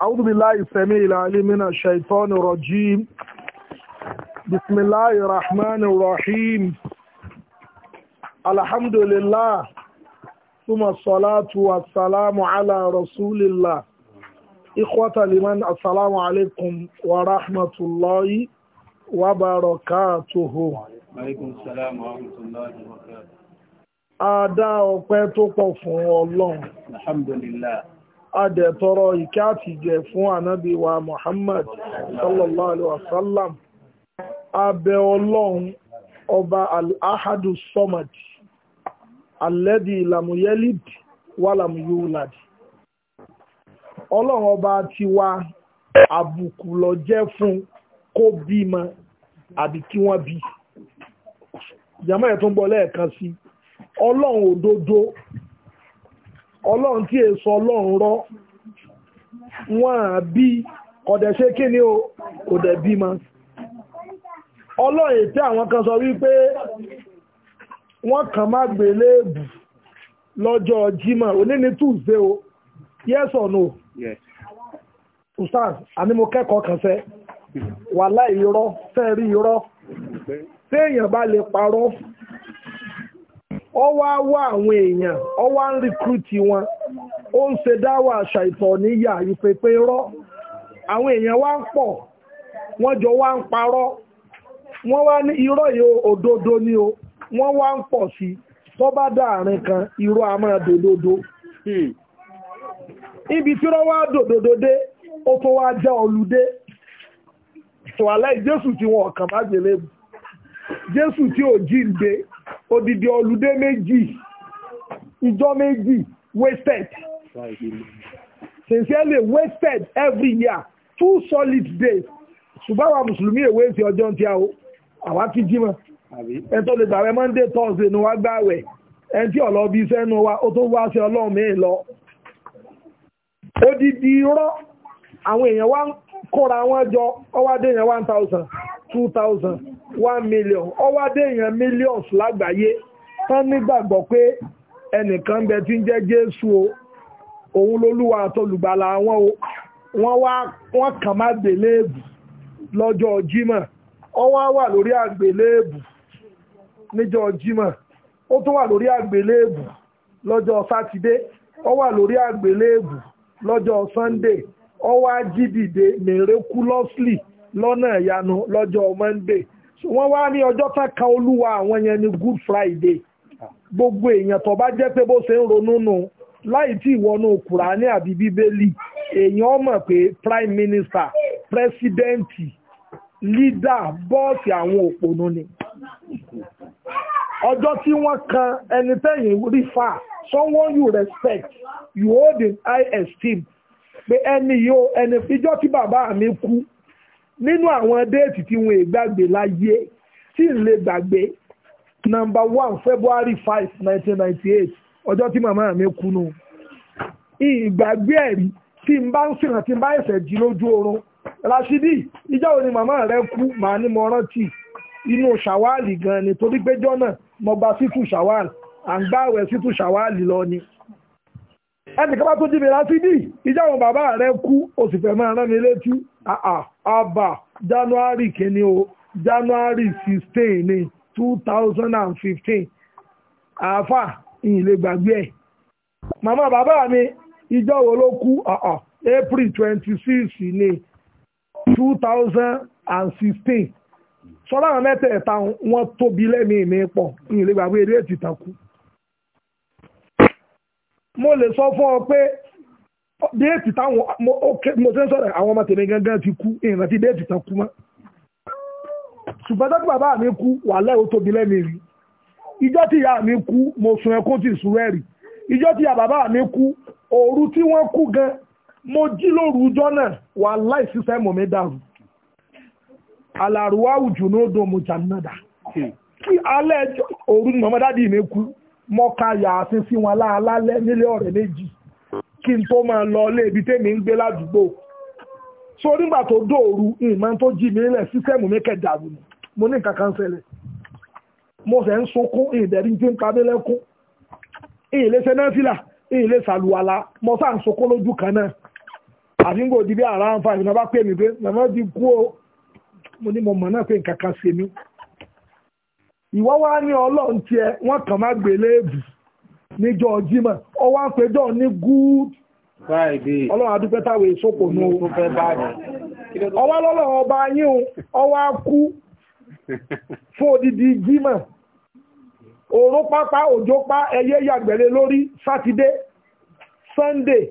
أعوذ بالله السميع العليم من الشيطان الرجيم بسم الله الرحمن الرحيم الحمد لله ثم الصلاة والسلام على رسول الله إخوة لمن السلام عليكم ورحمة الله وبركاته وعليكم السلام ورحمة الله وبركاته Adá ọpẹ́ tó pọ̀ fún Ọlọ́run. adẹ̀tọrọ ìkẹ́ àtìgẹ̀ fún ànábì wa Muhammad sallallahu alaihi wasallam abẹ ọlọ́run ọba al-ahadu samad alẹ́dì lamuyelid wà lamuyulad ọlọ́run ọba ti wa àbùkù lọ jẹ́ fún kó bímọ àbí kí wọ́n bí jàmáà tó ń lẹ́ẹ̀kan sí ọlọ́run ọlọ́run tí èso ọlọ́run rọ́ wọ́n à bí ọ̀dẹ̀ kí ni o kò dẹ̀ bí ma ọlọ́run ètè àwọn kan sọ wípé wọ́n kàn má gbélé bù lọ́jọ́ Jímọ̀ òní ni Tuesday o yes or no yes ustaz àní mo kẹ́kọ̀ọ́ kan fẹ́ wàhálà irọ́ fẹ́ rí irọ́ téèyàn bá lè parọ́ ọ wá wá àwọn èèyàn ọ wá ń rìkúrútì wọn ó ń ṣe dáwà ṣàìtọ̀ níyà ìpèpè rọ́ àwọn èèyàn wá ń pọ̀ wọ́n jọ wá ń parọ́ wọ́n wá ní irọ́ yìí òdodo ni o wọ́n wá ń pọ̀ sí tó bá dáàrin kan irọ́ a máa dòdodo hmm. ibi tí wọ́n wá dòdodo dé ó tó wá jẹ́ olùdé tòwálẹ́ jésù tí wọn ọ̀kàn bá gbélébù jésù tí ò jíǹde odidi olùdé meji, ìjọ meji wasted sincerely wasted every year two solid days ṣùgbọ́n àwọn mùsùlùmí èwe ti ọjọ́ ti àwọn àwa ti jí mọ́ ẹ̀tọ́ lè gbàwẹ̀ monday thursday ni wọ́n gbàwẹ̀ ẹni tí ọ̀lọ́ bí iṣẹ́ nu wa ó tó wá sí ọlọ́run mi lọ. odidi rọ àwọn èèyàn wa kóra wọn jọ ọwádé èèyàn one thousand two thousand one million ọwá dé èèyàn millions lágbàáyé wọ́n nígbàgbọ́ pé ẹnìkan bẹ tí ń jẹ́ Jésù o òun lolúwa àtọlùgbàlà wọn o wọ́n wá kàn má gbèléèbù lọ́jọ́ Jímọ̀ ọwá wà lórí àgbèléèbù níjọ́ Jímọ̀ ó tún wà lórí àgbèléèbù lọ́jọ́ sunday lọ́nà ìyanu lọ́jọ́ wọ́n wá ní ọjọ́ tán kan olúwa àwọn yẹn ní good friday gbogbo èèyàn tó bá jẹ́ pé bó ṣe ń ronú nù láì tí ìwọ́nú kùránì àbí bíbélì èèyàn mọ̀ pé prime minister pírẹsidẹ́ǹtì lídà bọ́ọ̀sì àwọn òpònú ni ọjọ́ tí wọ́n kan ẹni tẹ́yìn rí fà someone you respect you hold in high esteem pé ẹni yóò ẹni fíjọ́ tí bàbá mi kú nínú àwọn déètì tí wọn è gbàgbé láyé tí n lè gbàgbé number one february five nineteen ninety eight ọjọ́ tí màmá mi kú nù ìgbàgbé ẹ̀rí tí n bá ń sìnà tí n bá ẹ̀sẹ̀ jí lójú oorun Rashidi ìjọ́ òní màmá rẹ kú màá ní mo rántí inú ṣàwáàlì gan ni torí péjọ́ náà mo gba sítú ṣàwáàlì à ń gbààwẹ̀ ṣàwáàlì lọ ni ẹnìkan bá tó jí mi láti dì ìjà àwọn bàbá rẹ kú o sì fẹ́ máa rán mi létí àbà january kìíní o january sixteen ní two thousand and fifteen àáfà ìyìnlẹ̀ gbàgbé ẹ̀ màmá bàbá mi ìjọ wo ló kú april twenty six ní two thousand and sixteen sọ́dọ̀ àwọn mẹ́tẹ̀ẹ̀ta wọn tóbi lẹ́mìí mi pọ̀ ìyìnlẹ̀ gbàgbé eré ètìtàn kú mo lè sọ fún ọ pé déètì táwọn mo ṣe ń sọ̀rọ̀ àwọn ọmọ tèmi gangan ti kú ìrìnà tí déètì tán kú mọ́ ṣùgbọ́n tó bàbá mi kú wàhálà ó tóbi lẹ́mìí rí ìjọ́ tí ìyá mi kú mo sun ẹkún tí ìsun rẹ̀ rí ìjọ́ tí ìyá bàbá mi kú òru tí wọ́n kú gan mo jí lóru ọjọ́ náà wàhálà ìsísẹ́ mọ̀ mi dàrú alàrúwá òjò náà dùn mo jà náà kí alẹ́ òru ni mọ̀mọ́dádì mo ka yàáfin sí wọn láàlálẹ́ nílé ọ̀rẹ́ méjì kí n tó máa lọ ilé ibi tèmi ń gbé ládùúgbò so nígbà tó dòòru ìmọ̀ tó jí mi nílẹ̀ sísẹ́mù mi kẹ̀dàrú ni mo ní nǹkan kan ṣẹlẹ̀ mo fẹ́ ń sunkún ìdẹ̀rí tí ń pamí lẹ́kún ìlẹ́sẹ̀ náà fìlà ìlẹ́sẹ̀ àlùwàlà mo sáà ń sunkún lójú kan náà àdínkù òdìbí àrà àǹfààní náà bá pè mí pé màmá ti kú o mo ní mo mọ̀ náà pé nǹkan kan ṣe mí ìwọ́ wá ní ọlọ́run tiẹ̀ wọ́n kàn má gbélé ebu níjọ́ Jímọ̀ ọ wá ń pẹjọ́ ní good Friday ọlọ́run adúpẹ́ táwọn èso o lọ́lọ́ ọba yín o ọwọ́ kú fún odidi Jímọ̀ pa ẹyẹ yàgbẹ̀rẹ̀ lórí sátidé Sunday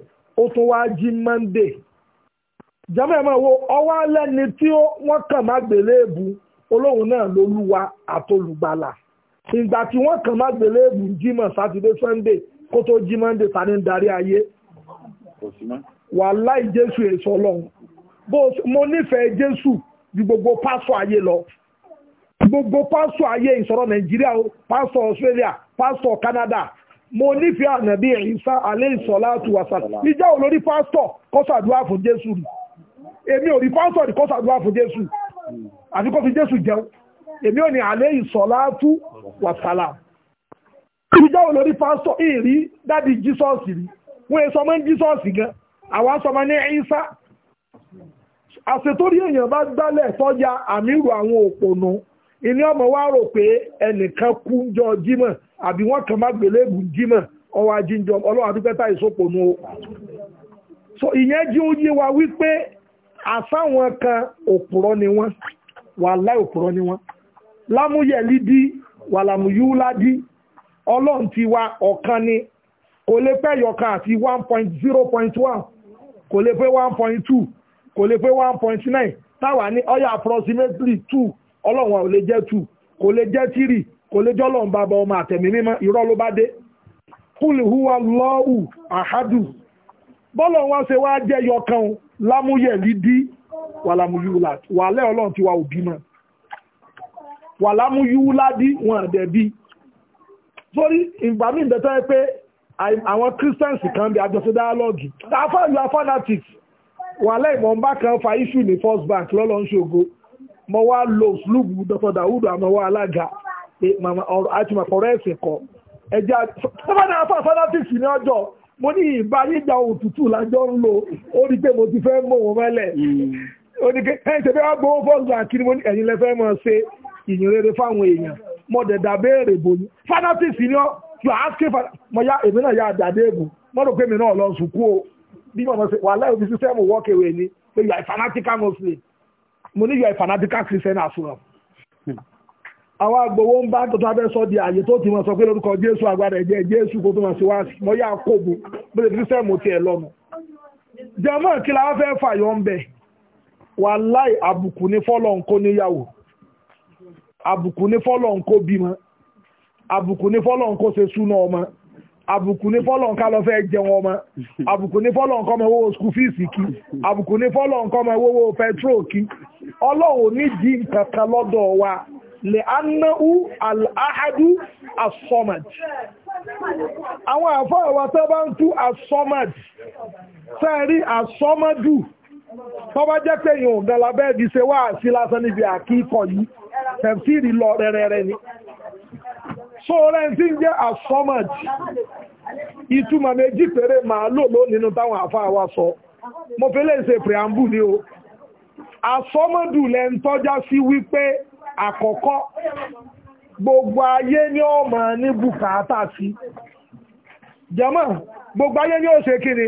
ó tún wá jí Monday jẹ́mọ̀ kàn má olóhùn náà lolúwa àtolùgbàlà ìgbà tí wọ́n kàn má gbélé èbù jímọ̀ sátidé sunday kó tó jí monday sáré ń darí ayé wàláì jésù èso ọlọ́run mo nífẹ̀ẹ́ jésù ju gbogbo pásọ ayé lọ gbogbo pásọ ayé ìsọ̀rọ̀ nàìjíríà pásọ australia pásọ canada mo nífẹ̀ẹ́ ànàbí ìsá alẹ́ ìsọ̀lá àtúwàsá ìjọ olórí pásọ kọ́sàdúrà fún jésù rí èmi ò rí pásọ rí kọ́sàdúrà fún jésù hmm àti kó fi jésù jẹun èmi ò ní alẹ́ ìsọ̀láàtú wàsálà ìjọ́ olórí pásítọ̀ ìrí dádì jísọ́ọ̀sì rí wọ́n èso ọmọ jísọ́ọ̀sì gan àwọn asọmọ ní ìsá àṣetórí èèyàn bá gbálẹ̀ tọ́jà àmírù àwọn òpònú ilé ọmọ wa rò pé ẹnìkan kú jọ jímọ̀ àbí wọ́n kàn má gbélébù jímọ̀ ọwọ́ ajíjọ ọlọ́run adúpẹ́tà ìsopònú o so ìyẹn jí ó yé wa wípé àsáwọn kan òpùrọ́ ni wọ́n wà láì òpùrọ̀ ni wọ́n lámúyẹ̀lí dí wà lámúyúlá dí ọlọ́run ti wa ọ̀kan ni kò lè pẹ́ yọkan àti one point zero point one kò lè pé one point two kò lè pé one point nine táwa ní ọyà approximately two ọlọ́run ò lè jẹ́ two kò lè jẹ́ three kò lè jọ́ lọ́run bàbá ọmọ àtẹ̀mí mímọ́ irọ́ ló bá dé kúlù húwa lọ́ọ̀hù àhádù bọ́lọ̀ wọn ṣe wá jẹ́ yọkan lámúyẹ̀lí dí wàlámúyúládì wàlẹ́ ọlọ́run ti wà òbí mọ́ wàlámúyúládì wọn àdẹ̀bí sórí ìgbà míì bẹ́tọ́ ẹ pé àwọn christians kan bí àjọṣe dialogue afa you are fanatics wàlẹ́ ìmọ̀ kan fa issue ní first bank lọ́lọ́run ṣògo mo wá lo sloop dr dawudu àmọ́wá alága àti màkọ̀rọ̀ ẹ̀sìn kọ ẹja sọ́fàdà afa fanatics ní ọjọ́ mo ní ìbá yíjà òtútù lájọ́ ń lò ó rí pé mo ti fẹ́ mọ̀ wọ́n mẹ́lẹ̀ hmm oníkẹ́ ẹ̀yìn tẹ̀bí wá gbowó fọ́ọ̀sì àkíní mo ní ẹ̀yin lẹ́fẹ́ mọ̀ ṣe ìyìnrere fáwọn èèyàn mo dẹ̀dà béèrè bò ní fanatics ni ọ́ you are asking for mo ya èmi náà ya àdàdé èbò mo rò pé mi náà lọ sùkú o bí mo ṣe wà láì òbí sísẹ́mù walk away ni pé you are a fanatical muslim mo ní you are a fanatical christian as well. àwọn agbowó ń bá tuntun abẹ́ sọ di àyè tó ti mọ̀ sọ pé lórúkọ jésù agbára ẹ̀jẹ̀ jésù kó tó mọ̀ sí wá mo yá kóbu mo lè sísẹ́mù tiẹ̀ lọ́nu. jẹ́mọ̀ kí la wá fẹ́ fàyọ̀ ń bẹ̀ wàláì àbùkù ní fọ́lọ̀ ń kó níyàwó àbùkù ní fọ́lọ̀ ń kó bímọ àbùkù ní fọ́lọ̀ ń kó ṣe súná ọmọ àbùkù ní fọ́lọ̀ ń ká lọ fẹ́ jẹun ọmọ àbùkù ní fọ́lọ̀ ń kọ́ ọmọ owó skul fíìsì kí àbùkù ní fọ́lọ̀ ọmọ owó pẹtrol kí ọlọ́run ní jí nǹkan lọ́dọ̀ wa lè anáhù aláhádú asọ́mad àwọn àfọ́ àwọn tó bá ń tú asọ́mad sẹ́ẹ̀rí asọ́madù tó bá jẹ́ pé yìí òǹgàn lábẹ́ ìdí ṣe wá sí lásán níbi àkíkọ̀ yìí tẹ̀síìrì lọ rẹ̀rẹ̀rẹ̀ ni so rẹ̀ tí ń jẹ́ asọ́mọ̀jì ìtumọ̀ méjì péré màá lò ló nínú táwọn àfáà wa sọ mo fẹ́ lè ṣe preambu ni o asọ́mọ̀dù lẹ́ ń tọ́já sí wípé àkọ́kọ́ gbogbo ayé kiri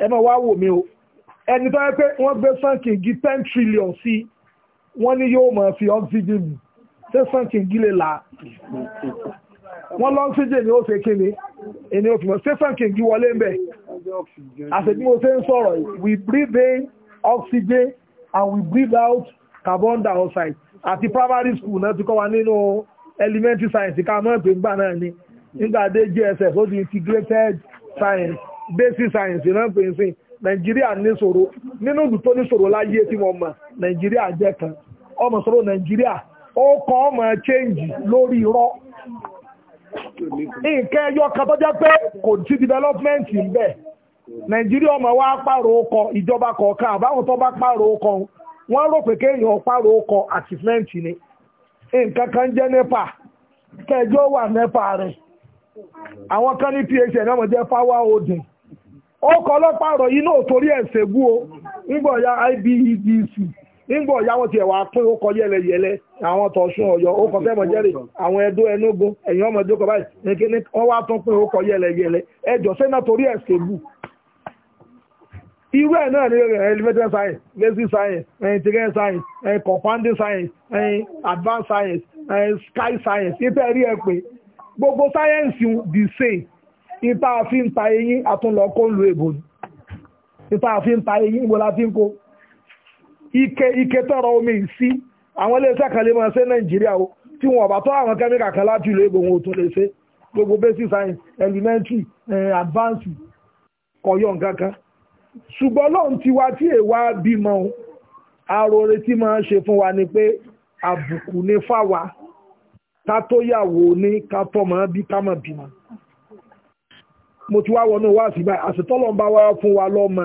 ẹ máa wá wò mí o ẹni tó yẹ pé wọ́n gbé sankin gi ten trillion sí wọ́n ní yóò máa fi oxygen ṣé sankin gi lè là wọ́n lọ oxygen ni ó ṣe kí ni ẹni ó fi mọ̀ ṣé sankin gi wọlé ń bẹ̀ àṣetí mo ṣe ń sọ̀rọ̀ we breathe in oxygen and we breathe out carbon dioxide àti primary school náà ti kọ́ wa nínú elementary science ká mọ̀ pé ńgbà náà ni nígbà dé JSS ó di integrated science basic science náà pè é sìn nínú ìlú tó níṣòro tí wọ́n mọ̀ nàìjíríà jẹ́ kan ọmọ sọ̀rọ̀ nàìjíríà ó kọ́ ọmọ change lórí irọ́ nǹkan ẹyọ kan tó jẹ́ pé kò development ń bẹ nàìjíríà ma wa pààrọ̀ ọkọ̀ ìjọba kan nepa nepa àwọn kan ó kọ ọlọ́pàá ọ̀rọ̀ yìí náà torí ẹ̀ ṣègbú o ńgbọ̀ ya IBEDC ńgbọ̀ ya wọ́n ti ẹ̀wà pín ó kọ yẹ́lẹyẹ̀lẹ àwọn tọ̀sùn ọ̀yọ́ ó kọ fẹ́mọ̀ jẹ́rì àwọn ẹ̀dó ẹnúgbó ẹ̀yìn ọmọdé kọ báyìí nìkíní wọ́n wá tún pín ó kọ yẹ́lẹyẹ̀lẹ ẹjọ́ sẹ́nà torí ẹ̀ ṣègbú irú ẹ̀ náà ni Elevator science basic science integral science compounding science advanced science sky science gbogbo sáyẹ́ǹsì the same ìta àfi ń ta eyín àtúnlọ kó ń lo èbò ni ìta àfi ń ta eyín ìbò láti ń kó ike ike tọrọ omi sí àwọn iléeṣẹ́ kan lè máa ṣe nàìjíríà o tí wọn ọba tọ́ àwọn kẹ́míkà kan láti ìlú èbò wọn ò tún lè ṣe gbogbo basic science elementary eh, advanced kọ̀yọ̀ nǹkan kan ṣùgbọ́n lóun ti wá tí èèwà bímọ àròrè tí máa ṣe fún wa ni pé àbùkù ni fáwa ká tó yàwó ní ká tọmọ bí ká mọ bímọ mo ti wá wọnú wá sí báyìí wá fún wa lọ́mọ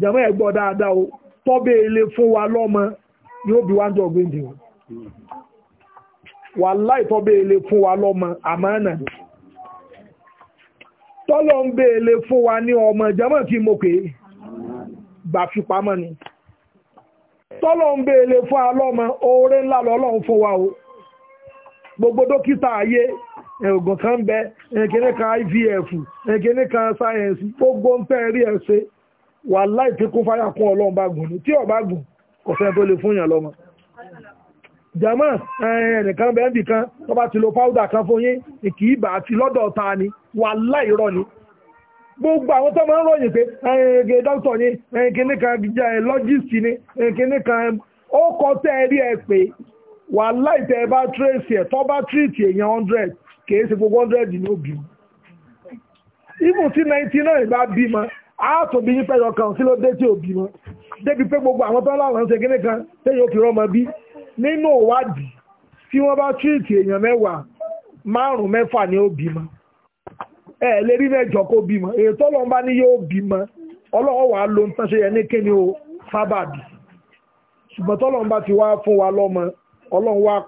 jàmọ́ ẹ̀ dáadáa o tọ́bẹ̀ ilé fún wa lọ́mọ yóò bí wájú ọ̀gbìndì o wà láì tọ́bẹ̀ ilé fún wa lọ́mọ àmánà tọ́lọ̀ ilé fún wa ní ọmọ kí mo pè é gbà fi wa lọ́mọ oore ńlá lọ́lọ́run fún wa o gbogbo dókítà ayé ògùn kan bẹ ẹ̀kẹ́ni kan ivf ẹ̀kẹ́ni kan sáyẹ̀nsì gbogbo ń tẹ́ rí ẹ̀ ṣe wà láì tí kún fáyà kún ọlọ́run bá gùn ní tí ọba gùn kò sẹ́ni tó lè fún yàn lọ́mọ. jama ẹnìkan bẹ́ẹ̀ bì kan tó bá ti lo powder kan fún yín kì í bà á ti lọ́dọ̀ ta ni wà láì rọ ni gbogbo àwọn tó máa ń ròyìn pé ẹ̀ẹ́gẹ̀ dókítà ni ẹ̀ẹ́kẹ́ni kan lọ́gìsì ni ẹ̀ẹ́kẹ́ni kan ó kọ́ tẹ́ rí ẹ pé wà láì tẹ́ bá tírèsì ẹ̀ tó bá tírèsì èèyàn hundred kìí si gbogbo 100 ní òbí even tí ninety ba bá ma àátò bí yípa ẹ̀yọ kan kí ló dé tí ò bímọ débi gbogbo àwọn tó láwọn gịnị kíní kan téyìn ó fi rọmọ bí tí bá tíìtì èèyàn mẹ́wàá márùn mẹfà ní ni ẹ lè rí kó èyí obi ọlọ́wọ́ wàá lo ń ní o sábàbí ṣùgbọ́n tọ́lọ́n ti wá fún wa lọ́mọ ọlọ́run wá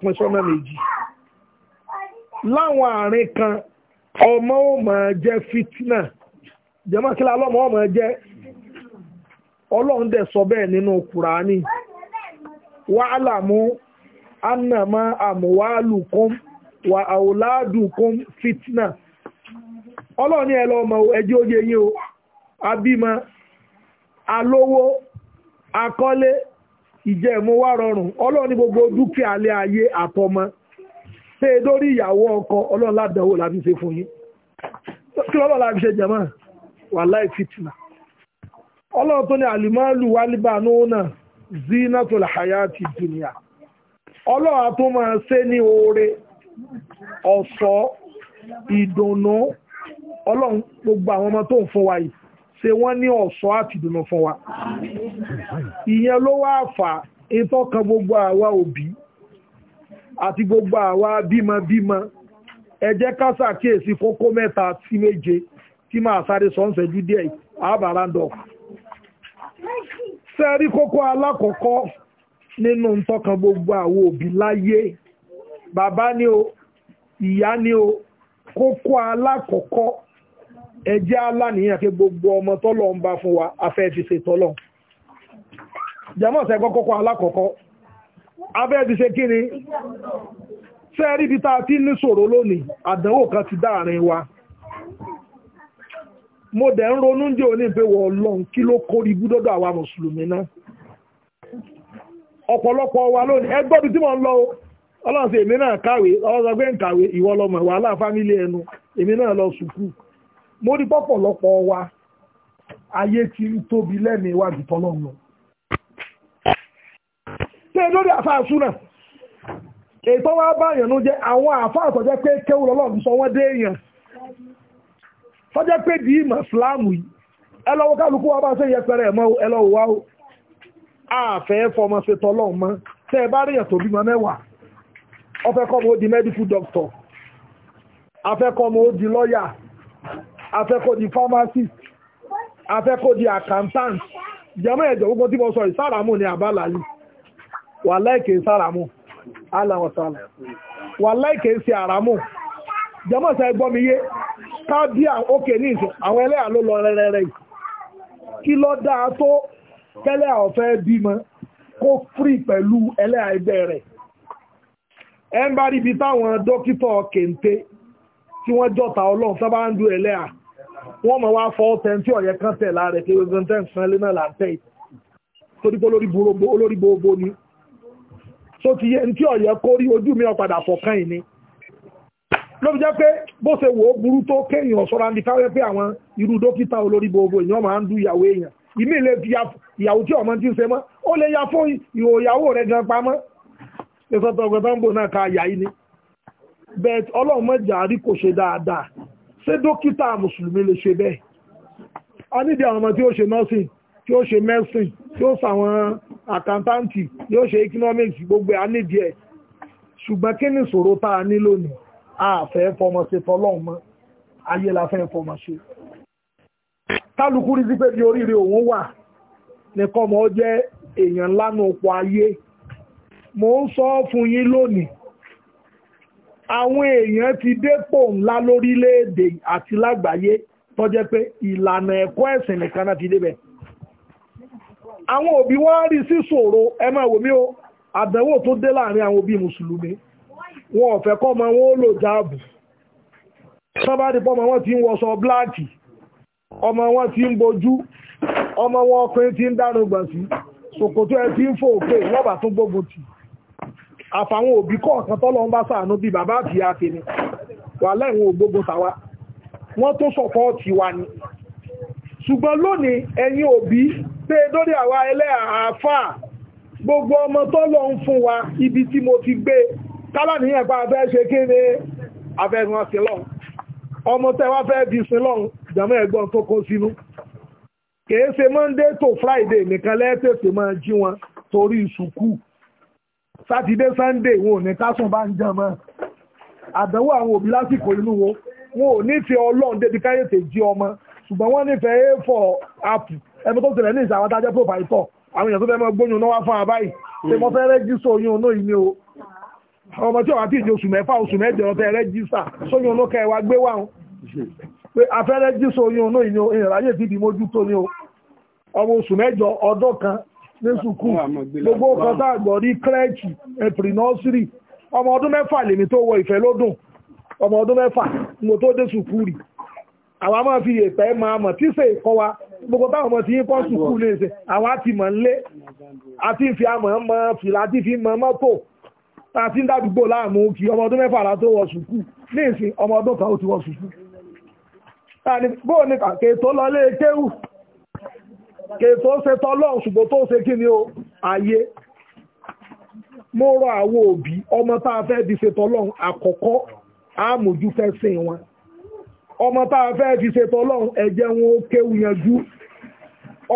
láwọn àárín kan ọmọ ọmọ máa jẹ́ fitna jẹ́mọ́ kí lálọ́mọ máa jẹ́ ọlọ́run sọ bẹ́ẹ̀ nínú kùránì wàhálà mú annama àmúwálùkún wà àwòládùkún fitna ọlọ́run ní ẹlọ ọmọ ẹjẹ́ oye o abímọ alówó akọ́lé ìjẹ́ ìmúwá ọlọ́run ní gbogbo dúkìá ayé ṣe lórí ìyàwó ọkọ ọlọ́run ládàáwò la fi ṣe fún yín kí ọlọ́run la fi ṣe jẹ̀mọ́ wàláì fìtìnà ọlọ́run tó ní àlùmọ́ọ́lù wálíbà náà zinatul hayati dunya ọlọ́run tó máa ṣe ní oore ọ̀ṣọ́ ìdùnnú ọlọ́run gbogbo àwọn ọmọ tó ń fún wa yìí ṣe wọ́n ní ọ̀ṣọ́ àti ìdùnnú fún wa ìyẹn ló wá fà kan gbogbo àwa òbí àti gbogbo àwa bímọbímọ ẹ jẹ́ ká ṣàkíyèsí kókó sí méje tí máa sáré sọ́nsẹ̀jú díẹ̀ àbáràndọ̀ sẹ́rí kókó alákọ̀ọ́kọ́ nínú ntọ́kan gbogbo àwọn òbí láyé bàbá ni o ìyá ni o kókó alákọ̀ọ́kọ́ kí gbogbo ọmọ ń bá fún wa abẹ́ ti ṣe kí ni sẹ́ẹ̀rí bí ta ti ní ṣòro lónìí àdánwò kan ti dáàrin wa mo dẹ̀ ń ronú jẹ́ òní pé wọ́n ọlọ́run kí ló kórí búdọ́dọ̀ àwa mùsùlùmí náà ọ̀pọ̀lọpọ̀ wa lónìí ẹgbọ́bi tí mo ń lọ ọlọ́run sí èmi náà kàwé ọlọ́sọ pé ń kàwé ìwọ lọmọ wàhálà fámílì ẹnu èmi náà lọ sùkú mo rí pọ̀pọ̀lọpọ̀ wa ayé ti ń tóbi lẹ́mìí wájú tọ́lọ́run lórí àfa àsúnà ètò wa bá èèyàn ló jẹ́ àwọn àfa àtọ̀jẹ́ pé kéwù lọ́lọ́run sọ wọ́n dé èèyàn tọ́jẹ́ pé di ìmọ̀ síláàmù yìí ẹ lọ́wọ́ kálukú wa bá ṣe yẹpẹrẹ ẹ̀mọ́ ẹ lọ́wọ́ wa ó àfẹ́ fọmọ ṣe tọ́lọ́run mọ́ tẹ́ ẹ bá ríyàn tó bímọ mẹ́wàá ọfẹ́ di medical doctor afẹ́ kọ́ mo di lawyer afẹ́ kọ́ di pharmacist afẹ́ kọ́ di accountant jẹ́mọ́ ẹ̀jọ̀ gbogbo tí mo sọ ìsáramù ni àbálà yìí wà láìkè sí àràmù aláwọ̀sánà wà láìkè sí àràmù jẹmọ́sà ẹgbọ́n mi yé ká bí òkè ní ìsìn àwọn ẹlẹ́yà ló lọ rẹ́rẹ́rẹ́ kí ló dáa tó kẹ́lẹ́ ọ̀fẹ́ bímọ kó fírì pẹ̀lú ẹlẹ́yà ẹgbẹ́ rẹ̀ ẹ ń bá rí ibi táwọn dókítà kèǹté tí wọ́n jọta ọlọ́run sábà ń du ẹlẹ́yà wọ́n mọ̀ wá fọ́ tẹ́ntí ọ̀yẹ́ kan tẹ̀ láàrẹ̀ kí gbogbo tẹ́ ń san lé náà là ń tẹ̀ torí pé olórí gbogbo ni so ti yẹ ntí ọ̀yẹ́ kó rí ojú mi ọ̀padà fọ̀kàn yìí ni ló fi jẹ́ pé bó ṣe wò ó burú tó kéèyàn sọ́ra ní káwé pé àwọn irú dókítà olórí gbogbo èèyàn máa ń du ìyàwó èèyàn ìmí lè fi ìyàwó tí ọmọ ti ń ṣe mọ́ ó lè ya fún ìhò ìyàwó rẹ̀ gan pamọ́ ìsọ̀tọ̀ náà ka àyà yìí ni bẹ́ẹ̀ ọlọ́run mọ̀jà rí kò ṣe dáadáa ṣé dókítà mùsùlùmí lè ṣe bẹ́ẹ̀ a nídìí àwọn ọmọ tí ó ṣe nọ́ọ̀sìn tí ó ṣe mẹ́sìn tí ó sàwọn àkàntàǹtì tí ó ṣe economics gbogbo àníbi ẹ̀ ṣùgbọ́n kí ni ìṣòro tá a ní lónìí a fẹ́ mọ́ ayé la fẹ́ fọmọ ṣe kálukú rí sí pé bí oríire òun wà nìkan mọ́ jẹ́ èèyàn ńlá ní oko ayé mo ń sọ fún yín lónìí àwọn èèyàn ti dépò ńlá lórílẹ̀-èdè àti lágbàáyé tó pé ìlànà ẹ̀kọ́ ẹ̀sìn nìkan náà ti débẹ̀ àwọn òbí wọ́n rí sí ṣòro ẹ máa wò mí o àdánwò tó dé láàrin àwọn òbí mùsùlùmí wọn ò fẹ́ kọ́ ọmọ wọn ó lò jáàbù sábà pọ́ wọn ti ń wọṣọ ọmọ wọn ti ń bojú ọmọ wọn ọkùnrin ti ń dánú gbọ̀n ṣòkòtò ẹ ti ń fò òkè tó gbógun tì àfàwọn òbí kọ̀ọ̀kan tọ́lọ́ ń bá sàánú bíi bàbá àti ìyá wà wọ́n tó sọ̀pọ̀ ni ṣùgbọ́n lónìí ẹ̀yin òbí gbé dórí àwa ẹlẹ́ àáfàá gbogbo ọmọ tó lọ ń fún wa ibi tí mo ti gbé kálàníyàn pa abẹ́ ṣe kí ni abẹ́nu ọ̀sìnlọ́ ọmọ tẹ́ wá fẹ́ di sinlọ́ jàmọ́ ẹ̀gbọ́n tó kó sínú kìí ṣe monday to friday nìkan lẹ́tẹ̀ẹ̀tẹ̀ máa jí wọn torí ìsùkú sátidé sunday wọn ò ní kásùn bá ń jẹun mọ́ àdánwò àwọn òbí lásìkò inú wo wọn ò ní ti ọlọ́run débi káyọ̀tẹ̀ jí ọmọ ṣùgbọ́n wọ́n nífẹ̀ẹ́ a4 apple ẹbí tó tẹ̀lẹ̀ ní ìsàwọn tájẹ́ proprietor àwọn èèyàn tó fẹ́ mọ́ gbóyún náà wá fún àbáyì pé mo fẹ́ rẹ́jísọ oyún náà ìní o ọmọ tí ọ̀wá tí ìdí oṣù mẹ́fà oṣù mẹ́jọ ọ̀tẹ́ rẹ́jísà sóyún náà kẹwàá gbé wà pé afẹ́ rẹ́jísọ oyún náà ìní o ìrìnàláyè ti di mójú tó ní o ọmọ oṣù mẹ́jọ ọdún kan ní sùkú gbogbo kan tá àgbọ̀rí kírẹ́ẹ̀kì ẹ̀pìrìnọ́sírì ọmọ ọdún mẹ́fà lèmi tó wọ ìfẹ́ lódùn ọmọ ọdún mẹ́fà mo tó dé sùkú rì àwa máa fi èèpẹ́ máa mọ̀ tí sèé kọ́ wa gbogbo táwọn ọmọ tí yín kọ́ sùkúù lè ṣe àwa ti mọ̀ nlé àti ìfi àmọ̀ mọ́ fìlà àti ìfi mọ́ mọ́tò àti ń dádùgbò láàmú kí ọmọ ọdún mẹ́fà látó wọ sùkúù ní ìsìn ọmọ ọdún kan ó ti wọ sùkúù bóò ní kàkẹ́ tó lọ lé kéwù kèé tó ṣe o ayé mo rọ àwọn òbí a fẹ́ di ọmọ tá a fẹ́ fi ṣètò ọlọ́run ẹ̀jẹ̀ wọn ó kéwu yanjú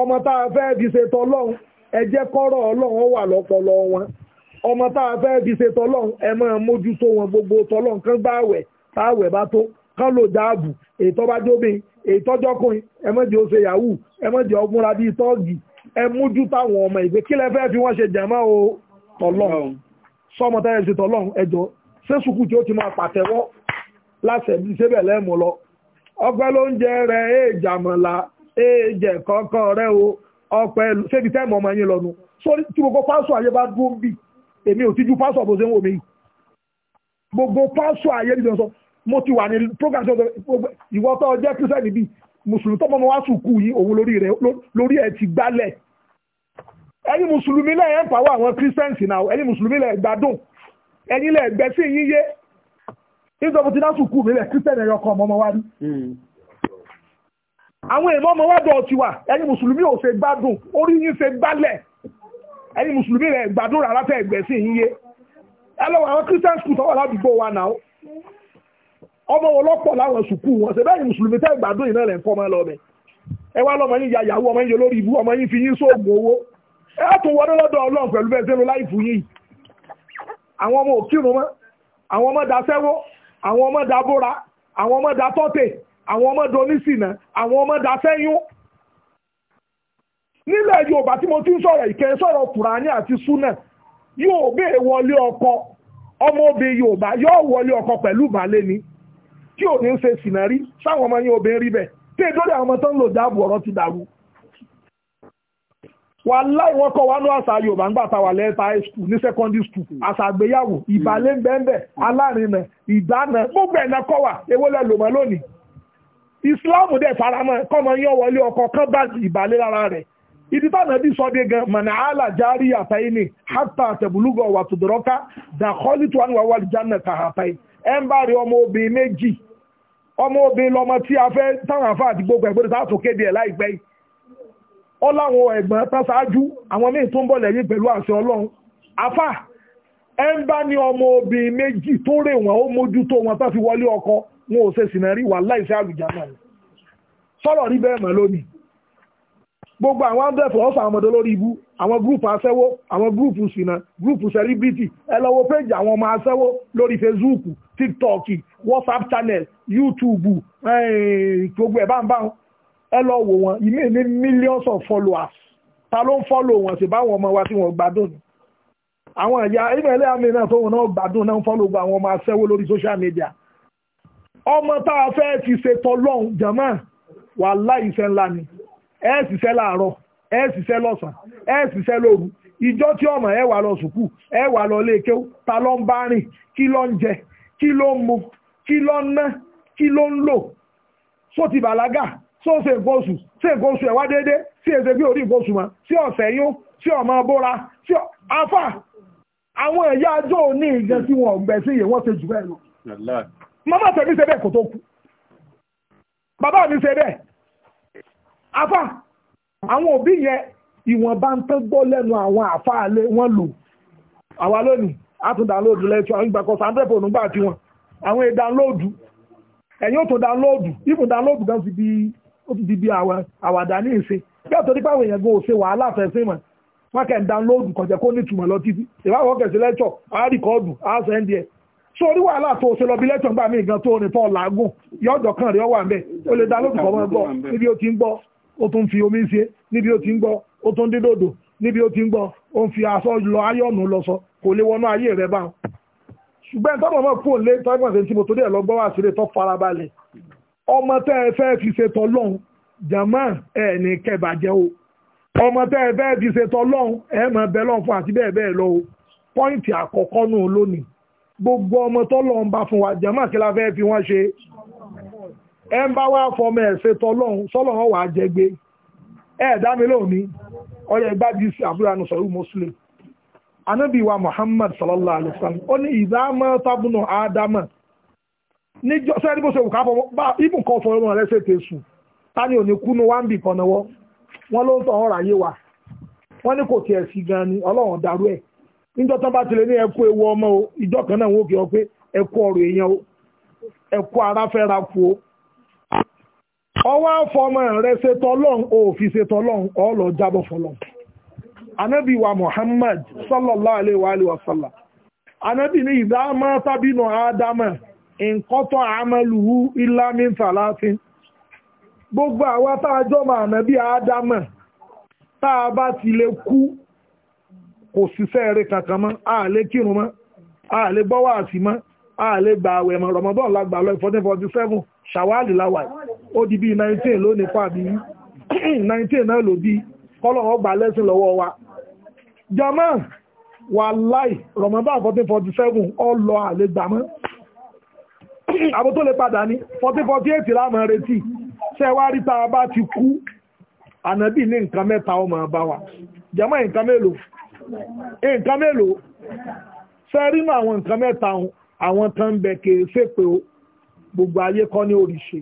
ọmọ tá a fẹ́ fi ṣètò ọlọ́run ẹ̀jẹ̀ kọ́rọ̀ ọlọ́run wà lọ́pọlọ wọn ọmọ tá a fẹ́ fi ṣètò ọlọ́run ẹ máa mójútó wọn gbogbo tọlọ́run kán gbá àwẹ̀ táwẹ̀ bá tó kán lò dáàbò ètò bá jóbin ètò ọjọ́kùnrin ẹ má jẹ́ ó ṣe yahoo ẹ má jẹ́ ó múra bíi tọ́ọ̀gì ẹ mójútó àwọn ọmọ ìgbé kí lẹ fẹ́ fi wọ́n ṣe jàmá o tọlọ́run sọmọ tá a ṣe tọlọ́run ẹjọ́ ṣé sùkúù tí ó ti máa pàtẹ́wọ́ láṣẹ bí ṣébẹ̀ lẹ́mú lọ ọpẹ́ ló ń jẹ rẹ ẹ jàmọ̀lá ẹ rẹ o ọpẹ́ ṣébi tẹ́ẹ̀mù ọmọ yín lọ́nu sórí tí gbogbo pásọ̀ ayé bá dúró ń bì èmi ò ju pásọ̀ bó ṣe ń wò mí gbogbo pásọ̀ ayé níbi ọ̀sán mo ti wà ní program ṣọ́ọ́ ìwọ tó jẹ́ kírísẹ́nì bíi mùsùlùmí tó mọ́mọ́ wá sùkú yìí òun lórí ẹ̀ ti gbálẹ̀ ẹ̀yin mùsùlùmí lẹ́yìn empower àwọn christians now ẹ̀yin mùsùlùmí lẹ́yìn gbádùn ẹ̀yin lẹ́yìn gbẹ́sìn nígbà mo ti dá sùkúù mi lẹ̀ kírísítẹ́nì ẹ̀yọ kan ọmọ wa rí hmm. àwọn èèmọ̀ ọmọ wa dọ̀ ti wà ẹni mùsùlùmí ò ṣe gbádùn orí yín ṣe gbálẹ̀ ẹni mùsùlùmí rẹ̀ gbádùn rárá fẹ́ gbẹ̀sìn yín yé ẹ lọ́wọ́ àwọn christian school tó wà ládùúgbò wa náà ọmọ wọn lọ́pọ̀ láwọn sùkúù wọn ṣe bẹ́ẹ̀ mùsùlùmí tẹ́ gbádùn ìná rẹ̀ ń fọmọ lọ́bẹ̀ ẹ wá lọ́mọ yín yàyàwó ọmọ yín yọ lórí ibú ọmọ yín fi yín sóògùn owó ẹ á tún wọlé lọ́dọ̀ ọlọ́run pẹ̀lú bẹ́ẹ̀ sẹ́nu láì fún yín àwọn ọmọ òkírun mọ́ àwọn ọmọ daṣẹ́wó àwọn ọmọ da bóra àwọn ọmọ da tọ́tẹ̀ àwọn ọmọ da onísìnà àwọn ọmọ da sẹ́yún nílẹ̀ yorùbá tí mo ti ń sọ̀rọ̀ ìkẹ́ sọ̀rọ̀ kùránì àti súnà yóò bẹ́ẹ̀ wọlé ọkọ ọmọbìnrin yorùbá yóò wọlé ọkọ pẹ̀lú ni tí ò ní ń ṣe sìnà rí sáwọn ọmọ obìnrin rí bẹ́ẹ̀ tí èdè wà láì wọ́n kọ́ wá ní àṣà yorùbá nígbà high school ní secondary school hmm. àṣà àgbéyàwó ìbàlẹ̀ bẹ́ẹ̀bẹ́ hmm. alárinà gbogbo ẹ̀nà kọ́ wà ewé lẹ́lò lónìí islam dẹ̀ faramọ́ kọ́mọ yán wọlé ọkọ̀ kan bá ìbàlẹ̀ lára rẹ̀ táwọn ẹbí sọ dé gan mọ̀nà àlà járí àtàyìn ní hátà wà dàkọ́lì ó ẹ̀gbọ́n tán àwọn míì tó ń bọ̀ lẹ́yìn pẹ̀lú àṣẹ ọlọ́run afá ẹ ń bá ní ọmọ obìnrin méjì tó rè wọ́n ó mójútó wọn fi wọlé ọkọ wọn ò ṣe sìnà rí wà láìsí àlùjá náà sọ̀rọ̀ rí bẹ́ẹ̀ gbogbo àwọn hundred plus àwọn àwọn gúrùpù lórí Facebook TikTok WhatsApp channel YouTube eh, ẹ lọ wò wọn ilé ní millions of followers ta ló ń follow wọn sì báwọn ọmọ wa tí wọn gbádùn ni àwọn ìyá ìmọ̀lẹ́ àmì náà tóun náà gbádùn náà ń follow gba àwọn ọmọ aṣẹ́wó lórí social media ọmọ tá a fẹ́ ti ṣe tọlọ́hún jàmá wà láìṣẹ́ ńlá ni ẹ ṣiṣẹ́ láàárọ̀ ẹ ṣiṣẹ́ lọ́sàn-án ẹ ṣiṣẹ́ lóru ìjọ tí ọmọ ẹ wà lọ sùkú ẹ wà lọ léèkéw ta ló ń bá rìn kí ló ń jẹ kí ló ń mu kí ló ń ná kí ló ń lò só bàlágà Sọ ó ṣe nǹkan oṣù ṣe nǹkan sí èsè bí orí nǹkan ma, sí ọ̀sẹ̀ yún sí ọmọ bóra sí afá àwọn ẹ̀yà ajọ́ òní ìgbẹ́ tí wọ́n sí wọ́n ṣe jù bẹ́ẹ̀ lọ. màmá mi ṣe bẹ́ẹ̀ kó tó kú bàbá mi ṣe bẹ́ẹ̀ àwọn òbí yẹn ìwọ̀nba ń tán gbọ́ lẹ́nu àwọn alẹ́ wọn lò àwa lónìí àtúndàlóòdù lẹ́tọ́ àwọn àwọn ìfún ó ti di bí àwàdà ní ìsìn bí àtọ́jú pé àwọn èèyàn gan ò ṣe wàhálà fẹ̀sìn mọ̀ wọ́n kẹ́ ń dánlóòdù kọjá kó ní ìtumọ̀ lọ títí ìwáwọ̀ kẹ̀sí lẹ́tọ̀ àárìkọ́ọ̀dù àásẹ̀ndì ẹ̀ so orí wàhálà tó ṣe lọ bí lẹ́tọ̀ gbà mí gan tó ní tọ́ làágùn yọ́dọ̀ kan rí ọwà mẹ́ o lè dánlóòdù kọ́ mọ́ gbọ́ níbi ó ti ń gbọ́ ó tún fi omi ṣe níbi ó ti ń gbọ́ ó tún dín dòdò níbi ó ti ń gbọ́ ó ń fi aṣọ lọ áyọ̀nù lọ sọ kò lè wọnú ayé rẹ bá ṣùgbọ́n tọ́mọ̀ mọ̀ fóònù lé tọ́gbọ̀n ọmọ tẹ́ ẹ fẹ́ fi ṣètò ọlọ́run jàmá ẹ ní kẹbàjẹ́ o ọmọ tẹ́ ẹ fẹ́ fi ṣètò ọlọ́run ẹ mọ̀ bẹ́ẹ̀ lọ́n fún àti bẹ́ẹ̀ bẹ́ẹ̀ lọ o pọ́ìntì àkọ́kọ́ nù lónìí gbogbo ọmọ tọ́lọ́run bá fún wa jàmá kí la fẹ́ fi wọ́n ṣe ẹ ń bá wá fọmọ ẹ ṣètò ọlọ́run sọ́lọ́run wà á jẹ gbé ẹ dá mi lónìí ọyẹ ìgbàdí àbúrò àná sọ̀rọ̀ mùsùlùmí anábìwa Muhammad sallallahu alaihi wa sallam ó ní ìdámọ́ tábùnà ádámọ̀ níjọ sẹ́ni bó ṣe wù bá ibùn kan fọwọ́ ọmọ rẹ̀ ṣètè sùn ta ni ò ní kúnú wá wọn kan náwọ́ wọ́n ló ń tọ ọrọ ayé wa wọ́n ní kò tiẹ̀ sí gan ni ọlọ́run darú níjọ tán bá ní ẹkú ewu ọmọ o ìjọ kan náà wọ́n kì ọ pé ẹkú èèyàn o ẹkú ara fẹ́ ra kú o ọwọ́ afọmọ rẹ̀ ṣètò ọlọ́run o fi ṣètò ọlọ́run ọ jábọ̀ anabi wa muhammad sallallahu alayhi wa sallam anabi ni ìdá máa tábìnà nkọ́tọ̀ àmàlùú ìlàmí fàlàfin gbogbo àwa tá a jọ mọ̀ ànábì ádámà ti lè kú kò síṣẹ́ eré kankan mọ́ a le kírun mọ́ a le gbọ́wọ́ mọ́ a le gba àwẹ̀ mọ́ rọmọdún lágbà lọ fourteen forty seven ṣàwálì láwà ó di bíi nineteen lónìí pàbí nineteen náà ló bí kọ́lọ́wọ́ gbà wa jama wàláì rọmọdún fourteen forty seven a lọ àlè gbàmọ́ àbò tó lè padà ní 1448 láàmú retí ṣe wá rí tá a bá ti kú ànábì ní nǹkan mẹ́ta ọmọ ọba wa jẹ́mọ́ nǹkan mélòó nǹkan mélòó ṣe rínú àwọn nǹkan mẹ́ta àwọn tán ń bẹ kèé ṣèpè o gbogbo ayé kọ́ ní òrìṣe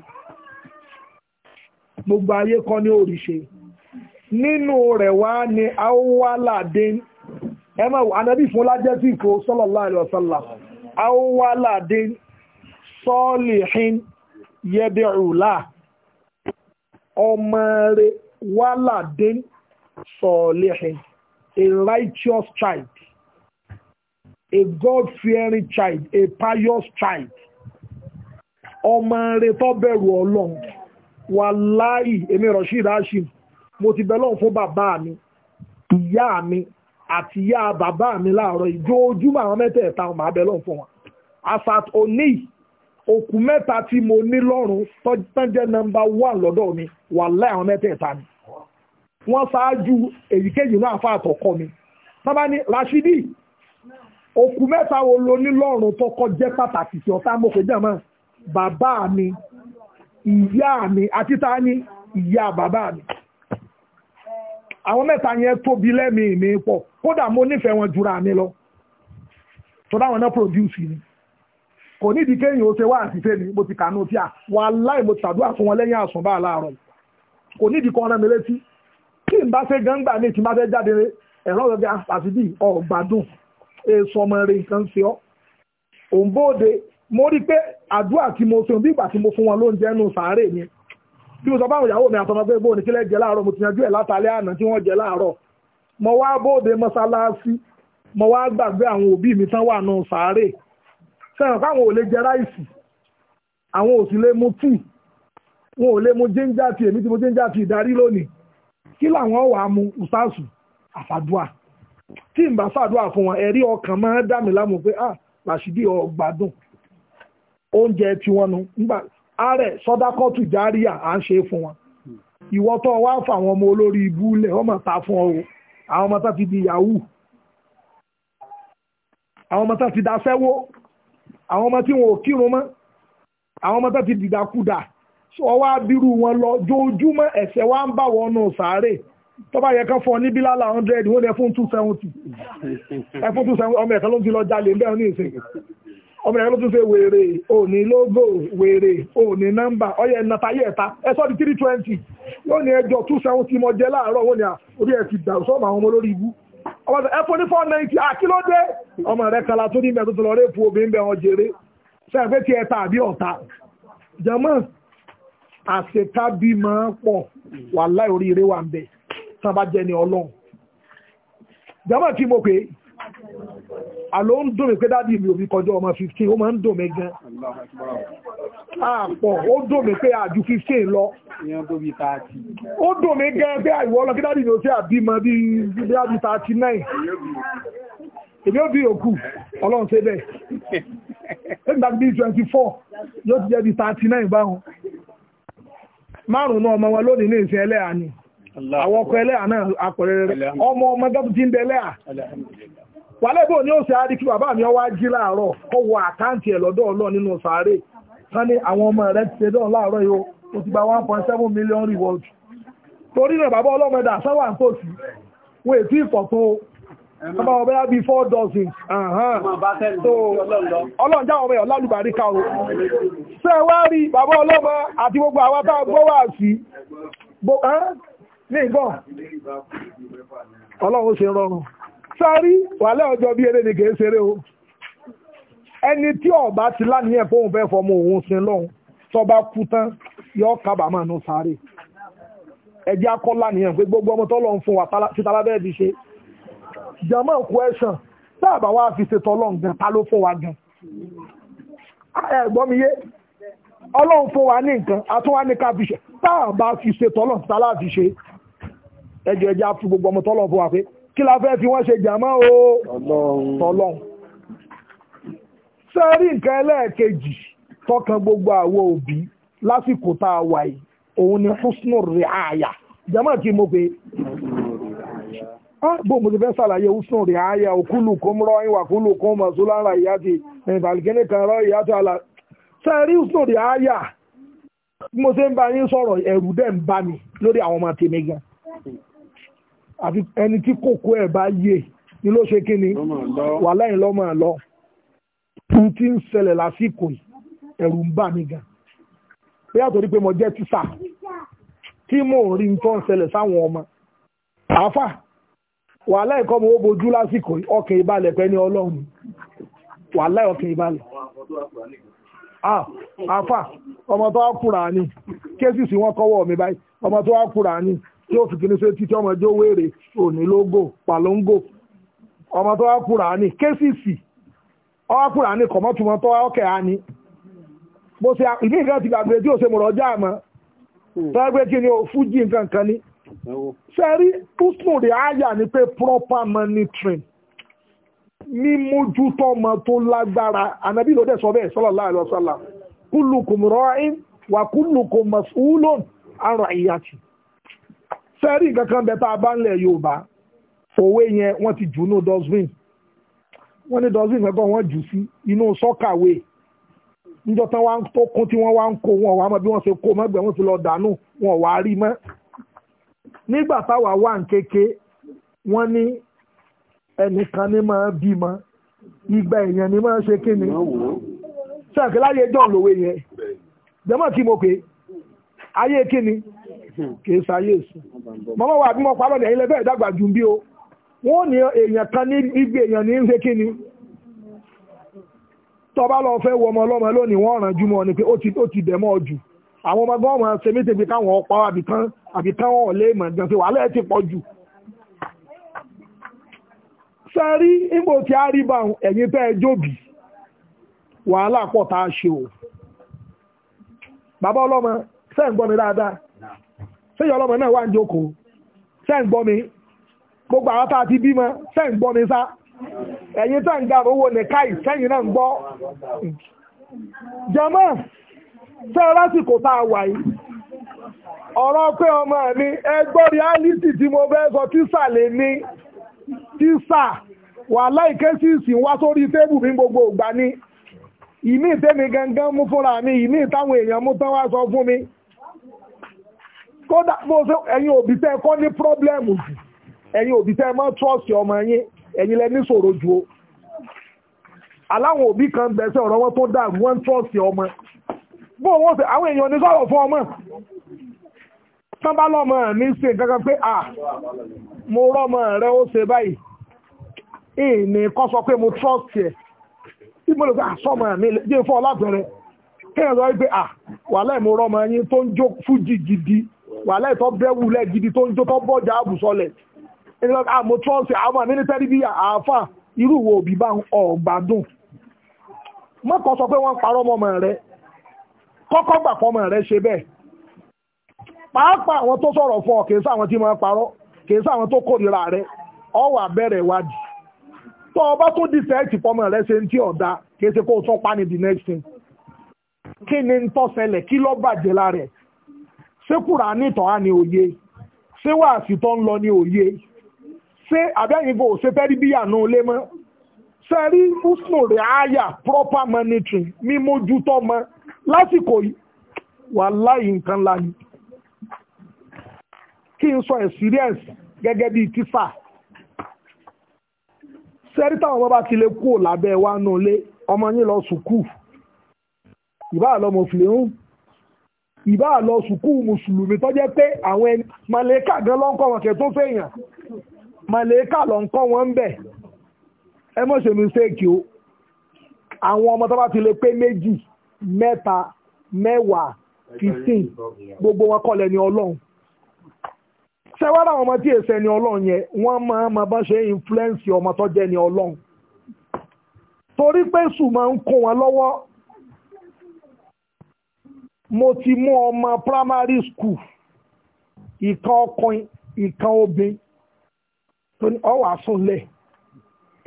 gbogbo ayé kọ́ ní òrìṣe nínú rẹ̀ wá ni awwaladin ẹ máa wọ ànábì fún lájẹ́ tí ìkó sallallahu alaihi wasallam awwaladin sọ́ọ̀lìhìn yẹ́dẹ̀rùlá ọmọ rẹ̀ wàládín sọ́ọ̀lìhìn a righteous child a God-fearing child a pious child ọmọ rẹ̀ tó bẹ̀rù ọlọ́run wàláì èmi rọ̀ṣíd hashim mo ti bẹ̀ lọ́run fún bàbá mi ìyá mi àti ìyá bàbá mi láàárọ̀ ìjọ ojúmọ́ àwọn mẹ́tẹ̀ẹ̀ta ọmọ abẹ́ fún wọn asat oni òkú mẹ́ta tí mo ní lọ́rùn tán jẹ́ nọmba one lọ́dọ̀ mi wà láì àwọn mẹ́tẹ̀ẹ̀ta ni wọ́n ṣáájú èyíkéyìí náà fà àtọ̀kọ́ mi sábà ní Rashidi òkú mẹ́ta wo lo ní lọ́rùn tọkọ jẹ́ pàtàkì tí ọ̀tá mo pè jẹ́mọ́ bàbá mi ìyá mi àti ta ni ìyá bàbá mi àwọn mẹ́ta yẹn tóbi lẹ́mìí mi pọ̀ kódà mo nífẹ̀ẹ́ wọn jura mi lọ tó dáwọn náà produce ni kò nídìí kéèyàn ó ṣe wá àṣìṣe ni mo ti kànú tí a wà láì mo tàdúrà fún wọn lẹ́yìn àsùnbà láàárọ̀ kò nídìí kan rán mi létí kí n bá ṣe gángbà ní ìtìmá fẹ́ jáde ẹ̀rọ ọ̀gá àti bí ọ̀gbádùn èso ọmọ rẹ̀ nǹkan ṣe ọ́ òǹbóde mo rí pé àdúrà tí mo ṣe bí ìgbà tí mo fún wọn lóúnjẹ nù sàárè mi bí mo sọ fáwọn ìyàwó mi àtọmọ pé bóun ní kílẹ̀ jẹ láàárọ̀ mo ti yanjú ẹ̀ látàlẹ́ àná tí wọ́n jẹ láàárọ̀ mo wá bóde mọ́sálásí mo wá gbàgbé àwọn òbí mi tán wà nù sàárè sẹ́wọ̀n káwọn ò lè jẹ ráìsì àwọn ò sì lè mu tíì wọn ò lè mu jíńjà tíì èmi tí mo jíńjà tíì darí lónìí kí làwọn wà á mu ùsáàsù àfàdúà tí n bá fàdúà fún wọn ẹ̀rí ọkàn máa dà mí lámú pé ah làṣídì ọgbàdùn oúnjẹ tí wọ́n nu nígbà ààrẹ sọdákọ́tù járíà à ń ṣe fún wọn ìwọ tó wá fáwọn ọmọ olórí ibú lẹ̀ wọ́n máa ta fún ọ o àwọn ọmọ tá ti di yahoo àwọn ọmọ tá ti da sẹ́wó àwọn ọmọ tí wọn ò kírun mọ́ àwọn ọmọ tó ti dìgbàkudà ọwọ́ abirú wọn lọ jojúmọ́ ẹ̀sẹ̀ wa ń bà wọ́n nù sàárè tó yẹ kán fún ọ ní hundred wọ́n lè fún two seventy ẹ fún two seventy ọmọ ẹ̀ka ló ti lọ jalè bẹ́ẹ̀ ní ìsìn ọmọ ẹ̀ka ló tún ṣe wèrè òní lógò wèrè òní nọ́mbà ọyẹ ẹ̀nàta yẹ ẹ̀ta ẹ sọ di three twenty yóò ní ẹjọ́ two seventy mọ jẹ láàárọ̀ wọ́n ní orí ẹ̀ ti dàrú sọ́ọ̀mù àwọn ọmọ lórí ibú ọmọ sọ ẹfún ní four ninety àkílódé ọmọ rẹ kala tó ní ibẹ̀ tó ti lọ rẹ́pù obìnrin bẹ̀ wọn jèrè sẹ́yìn pé tiẹ̀ ta àbí ọ̀ta jẹ́mọ́ àṣetábí máa ń pọ̀ wàláì oríire wà ń bẹ̀ sábà jẹ́ ni ọlọ́run jẹ́mọ́ tí àló ń dùn mí pé dáàdì mi ò fi kọjá ọmọ 15 ó máa ń dùn mí gan àpọ̀ ó dùn mí pé àjù 15 lọ ó dùn mí gan pé àìwọ́ ọlọ́ kí dáàdì mi ò sí àbímọ bí dáàdì 39 èmi ò bí òkú ọlọ́run ṣe bẹ́ẹ̀ ẹni bá bí 24 yóò ti jẹ́ bí 39 báwọn márùn-ún ọmọ wọn lónìí ní ìsìn ẹlẹ́à ni àwọn ọkọ̀ ẹlẹ́à náà apọ̀rẹ́rẹ́ ọmọ ọmọ gẹ́gẹ́ ti wàlẹ́bò ní òsè àríkí bàbá mi ọwá jí láàárọ̀ ó àkáǹtì ẹ̀ lọ́dọ̀ ọlọ́ nínú sàárè wọ́n ní àwọn ọmọ rẹ̀ ti ṣedán láàárọ̀ yóò ó ti gba 1.7 million reward torí náà bàbá ọlọ́mọdà sáwà ń tòsí wọ́n ètí ìfọ̀tún dozen ọlọ́njá ọmọ ẹ̀ lálùbárí ká o ọlọ́run ṣe rọrùn sáré wàhálà ọjọ́ bí eré ni kìí ṣeré o ẹni tí ọba ti láníyàn pé òun fẹ́ fọmọ òun sin lọ́hùn tọba kú tán yọ kábàámọ̀ nù sáré ẹjẹ́ akọ́ láníyàn pé gbogbo ọmọ tọ́lọ́ ń fún wa títa lábẹ́ ti ṣe jama question táàbà wá fi ṣe tọ́lọ́ gan ta ló fún wa gan ẹ̀gbọ́n mi yé ọlọ́run fún wa ní nǹkan àtúnwá ní ká fi ṣe táàbà fi ṣe tọ́lọ́ títa láti ṣe ẹjọ́ ẹjẹ́ á fún gbogbo ọmọ tọ́lọ́ fún wa pé kí la fẹ́ fi wọ́n ṣe jàmọ́ o tọ́lọ́n sẹ́rí nǹkan ẹlẹ́ẹ̀kejì tọkàn gbogbo àwọn òbí lásìkò tá a wà yìí òun ni húsnù rìáyà jàmọ́ kí mo pe ah, bó mo ti fẹ́ ṣàlàyé húsnù rìáyà òkúlù kó mọ́ ìwà kúlù kó mọ̀ só lára ìyá ti ìbàlùkẹ́ni kan rọ ìyá tó àlà sẹ́rí húsnù rìáyà mo ṣe ń bá yín sọ̀rọ̀ ẹ̀rù dẹ̀ ń bá mi lórí àwọn ọmọ tèmi gan-an àfi ẹni tí kòkó ẹ̀ bá yé ni ló ṣe kí ni wà láyìn lọ́mọ àlọ́ fún tí ń ṣẹlẹ̀ lásìkò ẹ̀rù ń bà mí gan pé àtòrí pé mo jẹ́ tíṣà tí mò ń rí nǹkan ṣẹlẹ̀ sáwọn ọmọ àáfà wà láyìn kọ́ mo ó bojú lásìkò ọkàn ìbalẹ̀ pẹ́ ní ọlọ́run wà láyìn ọkàn ìbalẹ̀ àáfà ọmọ tó wá kúrà ní kéṣìṣì wọn kọ́wọ́ mi báyìí ọmọ tó wá kúrà ní yóò fi kíní sí títí ọmọ ẹjọ́ wéèrè onílógò pàlóńgò ọmọ tó wá Kùránì késìsì ọwá Kùránì kọ̀mọ́tùmọ́ tó wá ọkẹ́ á ní bó ṣe ìdí nǹkan ti gbàgbé tí ò ṣe mọ̀rọ̀ ọjà àmọ́ hmm. tọ́gbé kí ni ó fújì nǹkan kan ní sẹ́rí púpù rẹ̀ áyà ni pé proper monitoring mímójútó ọmọ tó lágbára ànábì ló dẹ̀ sọ bẹ́ẹ̀ sallallahu alaihi wasallam kullukum ra'in wa kullukum mas'ulun sẹ́rí nǹkan kan bẹ tá a bá ń lẹ̀ Yorùbá fòwe yẹn wọ́n ti jù ú ní dustbin wọ́n ní dustbin kankan wọ́n jù sí inú sọ́kàwé níjọ́ tán wá tó kún tí wọ́n wá ń kó wọn wá mọ̀ bí wọ́n ṣe kó mọ́gbẹ́ wọ́n ti lọ dànù wọn wá rí mọ́ nígbà táwa wà ń kéke wọ́n ní ẹnìkan ní máa bímọ igba èèyàn ní máa ṣe kíni ṣàkíláyé john lòwe yẹn jẹ́mọ̀ kí mo pè é ayé kíni kì í sáyé wà bí mo lẹ́bẹ̀ẹ́ jù kan ní èèyàn ní kíni ọmọ ọlọ́mọ lónìí wọn ràn jù ni pé ó ti dẹ̀ mọ́ ọ jù ọmọ gbọ́n pé káwọn ọ̀pá àbìkan àbìkan wọn ò lè mọ̀ gan pé wàhálà ẹ̀ ti pọ̀ jù tí a rí bá ẹ̀yin ṣé ń gbọ́ mi dáadáa ṣé ìyá ọlọ́mọ náà wà ń jókòó ṣé ń gbọ́ mi gbogbo àwọn tá a ti bímọ ṣé ń gbọ́ mi sá ẹ̀yin tẹ́ ń ga owó nìkáì sẹ́yìn náà ń gbọ́ jọmọ́ ṣé lásìkò tá a wà yìí ọ̀rọ̀ pé ọmọ mi ẹgbọ́ reality tí mo fẹ́ sọ tíṣà lè ní tíṣà wà láìké sí ìsìn wá sórí tébù mi gbogbo ìgbà ni ìmí ìtẹ́mi gangan mú fúnra mi ìmí ìtàwọn èèyàn mú tán wá sọ fún mi kódà mo ṣe ẹ̀yin òbí tẹ́ kọ́ ní pírọ́blẹ́mù jù ẹ̀yin òbí tẹ́ mọ́ trọ́ọ̀sì ọmọ yín ẹ̀yin lẹ ní ṣòro jù o aláwọn òbí kan bẹ̀ẹ́sẹ̀ ọ̀rọ̀ wọn tó dà wọ́n trọ́ọ̀sì ọmọ bó wọ́n ṣe àwọn èèyàn ní sọ̀rọ̀ fún ọmọ tán bá lọ́mọ ní ṣe kankan pé à mo rọ́mọ rẹ ó ṣe báyìí ìní kọ́ sọ pé mo trọ́ọ̀sì ẹ̀ tí mo lè gbà sọ́mọ mi jẹ́ fún ọlábẹ̀rẹ̀ kí ẹ̀rọ wípé à wàhálà ìmúrọ́mọ yín tó ń jó fújì gidi wàhálà ìtọ́ bẹ́wulẹ̀ gidi tó ń jó tó bọ́jà àbùsọlẹ̀ àmọ́ trọ́ọ̀sì àwọn mílítẹ́rì bíi àáfà irú wo òbí bá ń ọ̀gbádùn mọ́kàn sọ pé wọ́n parọ́ mọ́mọ́ rẹ kọ́kọ́ gbà pọ́mọ rẹ ṣe bẹ́ẹ̀ pàápàá àwọn tó sọ̀rọ̀ fún ọ kì í sáwọn tí máa parọ́ kì í sáwọn tó kórìíra rẹ ọ wà bẹ̀rẹ̀ wádìí tó o bá tó dìsẹ́ẹ̀tì pọ́mọ rẹ ṣe ń tí ọ̀dà kì í ṣe kó o pa ní the next ṣé kùrà nìtàn á ní òye ṣé wàásì tó ń lọ ní òye ṣé abẹ́yìnbó ṣe fẹ́rí bíyà náà lé mọ́ ṣe rí húsnù rẹ̀ àyà proper monitoring mímójútó mọ́ lásìkò yìí wàláhì nǹkan lani kí n sọ experience gẹ́gẹ́ bíi tíṣà sẹ́rí táwọn ọmọ bá ti lè kú lábẹ́ wa nù lé ọmọ yín lọ sùkúù ìbáà lọmọ òfìlè ń ìbá lọ sùkú mùsùlùmí tó jẹ́ pé àwọn ẹni màlẹ́kà gan ló ń kọ́ wọn kẹ́ tó fẹ̀yàn màlẹ́kà ló ń kọ́ wọn ń bẹ̀ ẹ mọ̀ ṣe mistake o àwọn ọmọ tó bá ti lè pé méjì mẹ́ta mẹ́wàá fifteen gbogbo wọn kọ́ lẹ́ni ọlọ́run sẹ́wọ́n àwọn ọmọ tí èsẹ̀ ni ọlọ́run yẹn wọ́n máa ma bá ṣe influence ọmọ tó jẹ́ ni ọlọ́run torí pé sùn máa ń kó wọn lọ́wọ́ mo ti mú ọmọ primary school ìkan ọkùnrin ìkan obìnrin tó ní ọwọ́ àsúnlẹ̀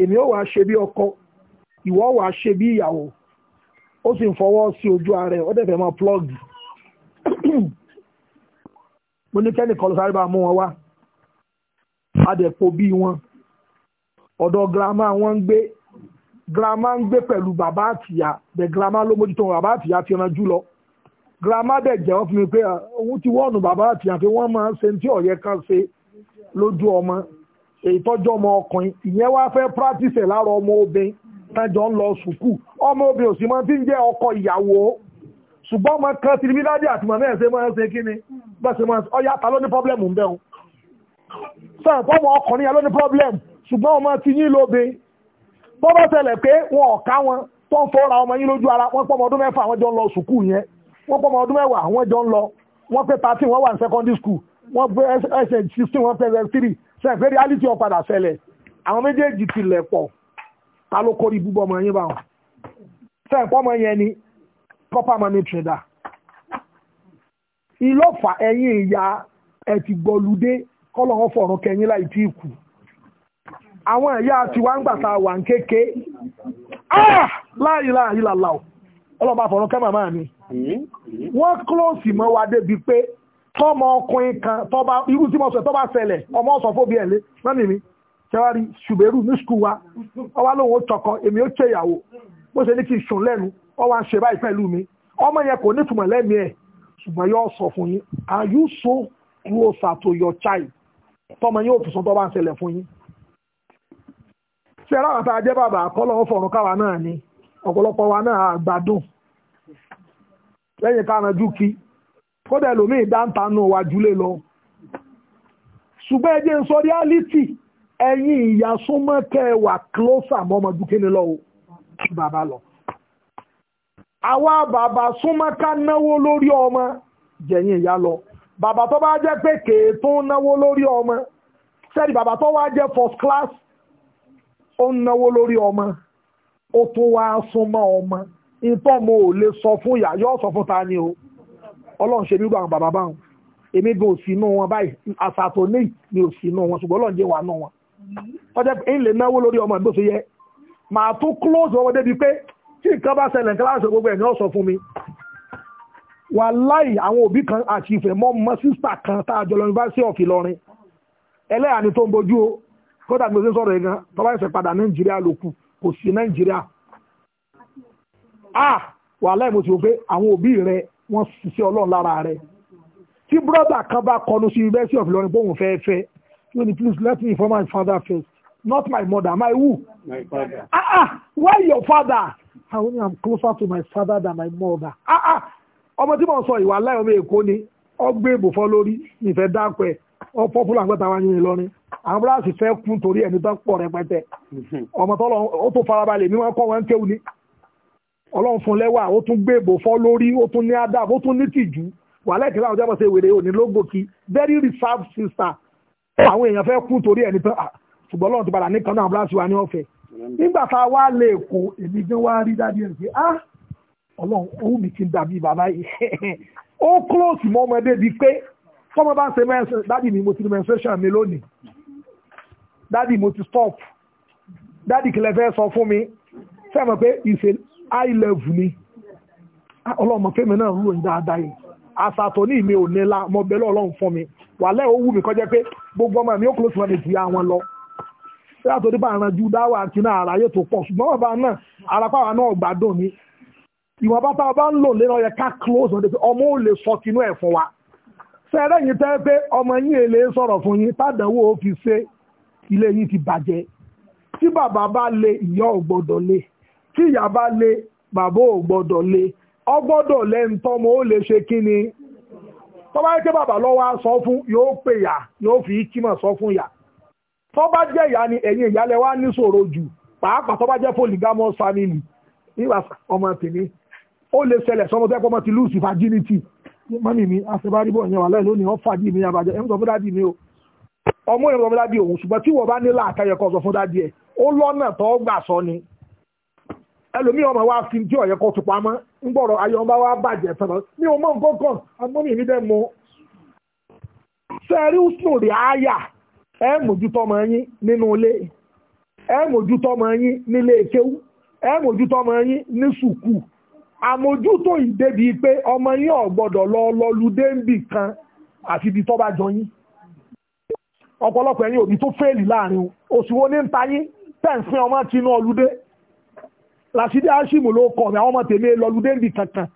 èmi ò wá ṣe bí ọkọ ìwọ wá ṣe bí ìyàwó ó sì ń fọwọ́ sí ojú ara ẹ̀ ó dẹ̀ fẹ́ máa plọ́ọ̀gì mo ní kẹ́nìkan lọ sáré bá mú wọn wá adẹ̀pọ̀ bí wọn ọ̀dọ̀ girama wọn ń gbé girama ń gbé pẹ̀lú bàbá àtìyá bẹ̀ girama ló mójútó wọn bàbá àtìyá fi ọ̀nà jù lọ grandma dẹ̀ jẹ́wọ́ fún mi pé ah, òun ti wọ́ọ̀nù bàbá àti àti wọ́n máa ń ṣe tí ọ̀yẹ́ kan ṣe lójú ọmọ èyí ọmọ ọkùnrin ìyẹn wá fẹ́ practice ẹ̀ lára ọmọ obìnrin tájọ ń lọ sùkú ọmọ obìnrin òsì máa ti ń jẹ́ ọkọ ìyàwó ṣùgbọ́n ọmọ kan ti rí dájú àti màmá ẹ̀ máa ń ṣe kí ni bẹ́ẹ̀ ṣe máa ń ṣe ọyá ta ló ní pọ́blẹ́mù ń bẹ̀ wọ́n pọ̀ ọmọ ọdún mẹ́wàá àwọn jọ ń lọ wọ́n pé thirteen wọ́n wà ní secondary school wọ́n pé ẹsẹ̀ sixteen wọ́n pé ẹsẹ̀ three sẹ́yìn pé reality ọ̀ padà ṣẹlẹ̀ àwọn méjèèjì tilẹ̀ pọ̀ ta ló kórìí búbọ̀ ọmọ yín báwọn sẹ́yìn pọ́ ọmọ yẹn ni proper money trader ìlọ́fà ẹ̀yìn ìyá ẹ̀ ti gbọ́lùdé kọ́lọ́hún fọ̀rùn kẹyìn láì tí ì kù àwọn ẹ̀yà tí wá ń gbàta wà ń kéèké ah! láàyè láàyè làlà ọlọ́ba fọ̀rùn kẹ́ màmá mi Hmm. wọ́n close mọ́ wa débi pé tọ́mọ ọkùnrin kan tọ́ba irú tí mo sọ tọ́ba ṣẹlẹ̀ ọmọ ọ̀sán fóbi ẹ̀ lé mọ́mí mi ṣẹ́wárí ṣùgbẹ́rù ní skul wa ọwá lóun ó tọkọ èmi ó ṣe ìyàwó bó ṣe ní kí n sùn lẹ́nu ọwá ń ṣe báyìí pẹ̀lú mi ọmọ yẹn kò nítumọ̀ lẹ́mìí ẹ̀ ṣùgbọ́n yóò sọ fún yín are you so close to your child tọmọ yín ò fi sùn tọ́ bá ń ṣẹlẹ̀ fún yín. ṣé àwọn tá bàbá àkọ́lọ́ lẹ́yìn káranjú kí kódà ẹlòmíì dáńtánú wájúlé lọ ṣùgbọ́n ẹ jẹ́ ń sọ reality ẹ̀yin ìyá wà closer mọ́ ọmọ dúkìní lọ o bàbá lọ. àwa bàbá súnmọ́ ká náwó lórí ọmọ jẹ̀yìn ìyá lọ bàbá tó bá jẹ́ pé kèé náwó lórí ọmọ sẹ́ni bàbá tó wá jẹ́ first class ó ń náwó lórí ọmọ ó tún wá súnmọ́ ọmọ ìtọ́ mo ò lè sọ fún ìyá yóò sọ fún ta ni o ọlọ́run ṣe nígbà àwọn bàbá báwọn èmi gan ò sí inú wọn báyìí àsàtò ní mi ò sí inú wọn ṣùgbọ́n ọlọ́run jẹ́ wà nú wọn ọjọ́ pé ń lè náwó lórí ọmọ ìgbésò yẹ màá tún close ọmọdé bíi pé tí nǹkan bá ṣẹlẹ̀ nǹkan bá ṣe gbogbo ẹ̀ ní ó sọ fún mi wàláì àwọn òbí kan àti ìfẹ́ mọ́ mọ́ sísà kan tá a jọ lọ yunifásitì ọ̀f Ìlọrin ẹlẹ́yà ni tó ń bojú o kódà gbèsè sọ̀rọ̀ yẹn gan tọ́ba ẹ̀sẹ̀ padà Nàìjíríà ah wàhálà ìmọ̀ tí o pé àwọn òbí rẹ wọ́n ṣiṣẹ́ ọlọ́run lára rẹ tí brother kan bá kọnu sí University of Ilorin bóun fẹ́ fẹ́ you need please let me inform my father first not my mother my who my father ah ah why your father i only am closer to my father than my mother ah ah ọmọ tí mo sọ ìwà láì ọmọ èkó ni ọgbẹ́ ìbòfọ́ lórí ìfẹ́ dápẹ́ ọpọ́pùlà àgbẹ̀ta wáyé Ìlọrin àwọn bíláàsì fẹ́ kún torí ẹni tó pọ̀ rẹpẹtẹ ọmọ tọ́lọ ó tó farabalẹ̀ mi wọ́n kọ́ wọn kéwù ni ọlọ́run fún lẹ́wà ó tún gbèbò fọ́ lórí ó tún ní adab ó tún ní tìjú wàhálà ìkìlá àwọn jábọ̀ ṣe wèrè òní lógbò kí very reserved sister àwọn èèyàn fẹ́ kú torí ẹni tán ah, ṣùgbọ́n ọlọ́run ti padà ní kanáà abúlásí wa ní ọ̀fẹ́ nígbà tá a wá lè kó èmi gan wá rí dádì ẹ̀ pé ah ọlọ́run òun mi ti ń dàbí bàbá yìí ó close mọ́ ọmọdé bíi pé fọmọ bá ń ṣe mẹ́sàn dádì mi mo ti menstruation mi lónìí dádì mo ti stop dádì kìlẹ̀ fẹ́ sọ fún mi fẹ́ mọ̀ pé ìṣèlú high level ni ah, ọlọ́mọ kémi náà rúròyìn dáadáa yìí àsàtọ̀ ní ìmí ò nílá mo bẹ lọ́ọ̀lọ́run fún mi wàlẹ́ ó wù mí kọjá pé gbogbo ọmọ mi ó kúrò síwájú ìyá wọn lọ síra tó dé bá àrùn ju dáwà àti náà àráyé tó pọ̀ ṣùgbọ́n bàbá náà arápáwa náà gbádùn mi ìwọ̀n bá táwa bá ń lò lé ọyẹ ká close ọdẹ pé ọmọ ò lè sọ tinú ẹ̀ fún wa sẹ́rẹ́ yìí tẹ́ pé ọmọ yín èlé sọ̀rọ̀ fún yín tádàwó ó fi ṣe ilé yín ti bàjẹ́ tí bàbá bá le ìyá ò gbọ́dọ̀ le tí ìyá bá lé bàbá ò gbọ́dọ̀ lé ọ gbọ́dọ̀ lẹ́nu tọ́mọ ó lè ṣe kí ni tó bá yẹ kí bàbá lọ́wọ́ á sọ fún yóò pè yà yóò fi kímọ̀ sọ fún yà tó bá jẹ́ ìyá ni ẹ̀yin ìyálẹ̀ wa ní ṣòro jù pàápàá tó bá jẹ́ polygamous family nígbà ọmọ tèmi ó lè ṣẹlẹ̀ sọmọ tẹ́pọ̀ ọmọ ti lose virginity mọ́mí mi àṣebárìbọ̀ yẹn wà láì lónìí wọ́n fàdí mi àbàjẹ́ ẹ̀ ń sọ fún dádì mi o ọmọ ìrìn sọ fún dádì òun ṣùgbọ́n tí wọ́n bá nílà àkàyẹ̀kọ́ sọ fún dádì ẹ̀ ó lọ́nà tó gbà sọ ni ẹlòmí ọmọ wa fi tí ọ̀yẹ́ kọ́ tupa mọ́ ń gbọ́rọ̀ ayọ̀nba wa bàjẹ́ sọ̀rọ̀ mi ò mọ nǹkan kan agbóni mi dẹ́ mọ́. sẹ́ẹ̀rí usùn rè áyà ẹ mójútó ọmọ yín nínú ilé ẹ mójútó ọmọ yín nílé ìkéwú ẹ mójútó ọmọ yín ní sùkú àmójútó ìdébí pé ọmọ yín ò gbọ́dọ̀ lọ lọ́lùdé ńbì kan àfi ibi tó jọ yín ọ̀pọ̀lọpọ̀ ẹ̀yin òbí tó fẹ́ẹ̀lì láàrin oṣù ní ń ta yín tẹ̀ ń sin ọmọ tinú ọlùdé Rashidi Hashim ló kọ mi àwọn ọmọ tèmi lọlúdé ń di kankan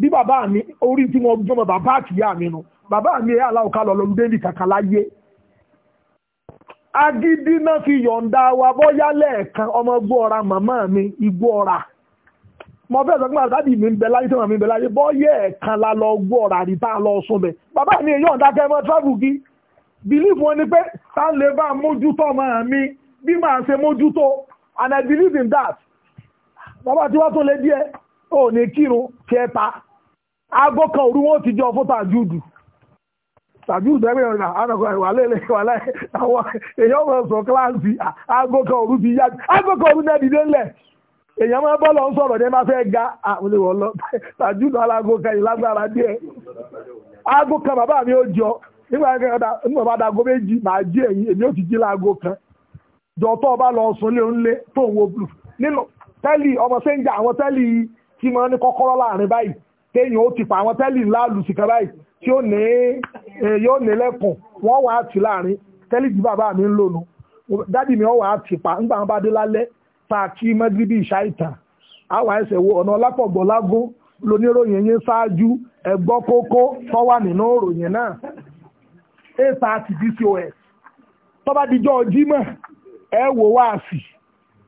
bí bàbá mi orí tí wọn jọmọ bàbá àtìyá mi nu bàbá mi ẹ̀yà aláwọ̀ ká lọ lọlúdé ń di kankan láyé. agídí náà fi yọ̀ǹda wa bóyá lẹ́ẹ̀kan ọmọ igbó ọ̀ra màmá mi igbó ọ̀ra mo fẹ́ sọ pé àtàdì mi ń bẹ láyé tí màmá ń bẹ láyé bóyá ẹ̀ẹ̀kan la lọ igbó ọ̀ra rí tá a lọ sún bẹ bàbá mi yọ̀ǹda kẹ́ mọ́ travel kí believe wọn ni pé tá a lè bá mójútó màmá mi bí màá ṣe mójútó and I believe in that bàbá tí wá tó lé díẹ̀ ò ní kírun kẹta aago kan òru wọn ti jọ fún tàjúdù tàjúdù ẹgbẹ́ ìrìnà ànàkọ ìwà lélẹ̀ ìwà lẹ́ àwọn èèyàn ọmọ kíláàsì aago kan òru ti yá aago kan òru náà dìde ńlẹ̀ èèyàn máa bọ́ lọ ń sọ̀rọ̀ ní ẹ máa fẹ́ ga lọ kan díẹ̀ aago kan bàbá mi dago o bá lọ tẹ́lì ọmọ sẹ́ńjà àwọn tẹ́lì tí wọ́n ní kọ́kọ́rọ́ láàrin báyìí téèyàn ó ti pa àwọn tẹ́lì ńlá lùsìkà báyìí tí ó ní eh, yóò ní lẹ́kùn wọ́n wà á ti láàrin tẹ́lì bàbá mi ń lò nù wà á pa ńgbà wọn bá dé lálẹ́ tá a kí ìṣá ìtàn àwọn wo ọ̀nà yín ṣáájú ẹ̀gbọ́ kókó tó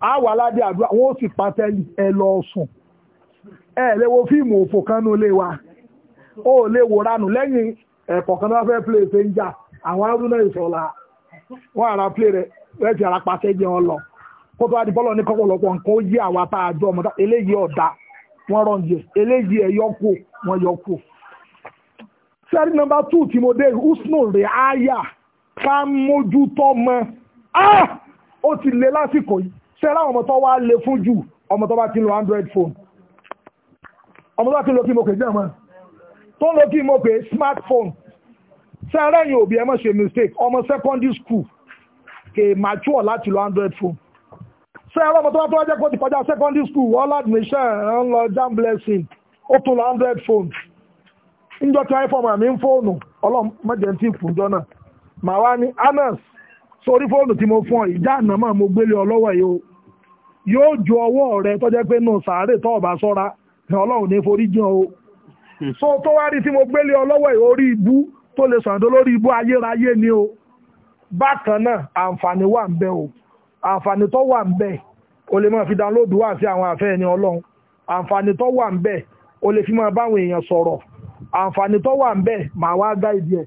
a wà ládé àdúrà wọ́n sì pàtẹ́ ẹ lọ sùn ẹ wo fíìmù òfò kan ní wa ó lè wò ránù lẹ́yìn kan náà fẹ́ àwọn arúgbó ara play rẹ̀ ara pàtẹ́ jẹ́ ọ lọ kó tó wá di bọ́lọ̀ ní nǹkan ó yí àwa tá a jọ ọmọdá eléyìí ọ̀dà wọ́n rọ̀ jẹ eléyìí ẹ̀ yọkù wọ́n yọkù. nọmba tí mo dé usno áyà ká mọ́ ah! ó ti lé lásìkò yìí ṣẹ́rá ọmọ tó wá lè fún jù ọmọ tó bá ti lo android phone ọmọ tó bá ti lo kí mo pè jẹ́ ọmọ tó lo kí mo pè smartphone ṣẹ́rá ẹ̀yìn òbí ẹ má ṣe mistake ọmọ secondary school kè mature láti lo android phone ṣẹ́rá ọmọ tó bá tó wájẹ́ kó ti kọjá secondary school wọ́n ládùmíṣẹ́ ẹ̀ ń lọ jam blessing ó tún lo android phone níjọ́ tí wáyé fọmọ àmì ń fóònù ọlọ́mọdé ti kùnjọ́ náà màá wá ní anas sorí fóònù tí mo fún ọ ìjà ànàmọ́ mo gbélé ọ lọ́wọ́ yìí o yóò ju ọwọ́ rẹ tó jẹ́ pé nù sàárè tó ọ̀bà sọ́ra ọlọ́run ní forí jìn o so tó wá rí tí mo gbélé ọ lọ́wọ́ yìí orí ibú tó lè sàǹdó lórí ibú ayérayé ni o bákan náà àǹfààní wà ń bẹ o àǹfààní tó wà ń bẹ o lè máa fi dánlóòdù wá sí àwọn àfẹ́ ẹni ọlọ́run àǹfààní tó wà ń bẹ o lè fi máa báwọn èèyàn sọ̀rọ̀ àǹfààní tó wà ń bẹ màá wá gá ìdí ẹ̀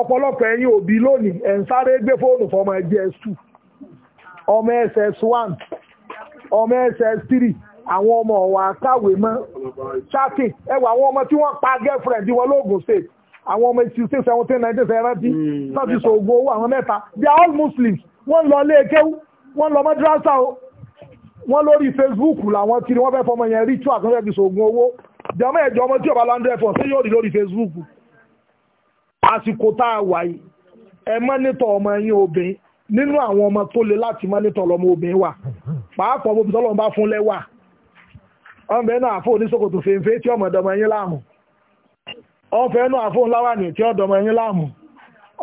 ọ̀pọ̀lọpọ̀ ẹ̀yin òbí lónìí ẹ̀ ń sáré gbé fóònù fọmọ ss2 ọmọ ss1 ọmọ ss3 àwọn ọmọ ọ̀wà kàwé mọ́ chatting. ẹwà àwọn ọmọ tí wọ́n pa girlfriend wọn lóògùn state àwọn ọmọ eighty six seventeen nineteen seventy hmm, náà ti ṣòògùn owó àwọn mẹ́ta they are all muslims wọ́n lọ ilé kéwú wọ́n lọ mọ́dúrásà o wọ́n lórí facebook làwọn kiri wọ́n fẹ́ fọmọ yẹn ritual kan fẹ́ fi ṣòògùn owó jọmọ ẹ̀jọ̀ ọmọ tí ọba landrẹ́fọ̀ sí yóò rí lórí facebook àsìkò tá a wà yìí ẹ mọ́nítọ̀ ọmọ yín obìnrin nínú àwọn ọmọ tó le láti mọ́nítọ̀ lọ́mọ obìnrin wà pàápàá ọmọ bìtọ́lọ́ bá fún lẹ́wà ọmọ ẹnu àfọ oníṣòkòtò fèéfèé tí ọmọ ọdọmọ yín láàmú ọmọ ẹnu àfọ ńláwàní tí ọdọmọ yín láàmú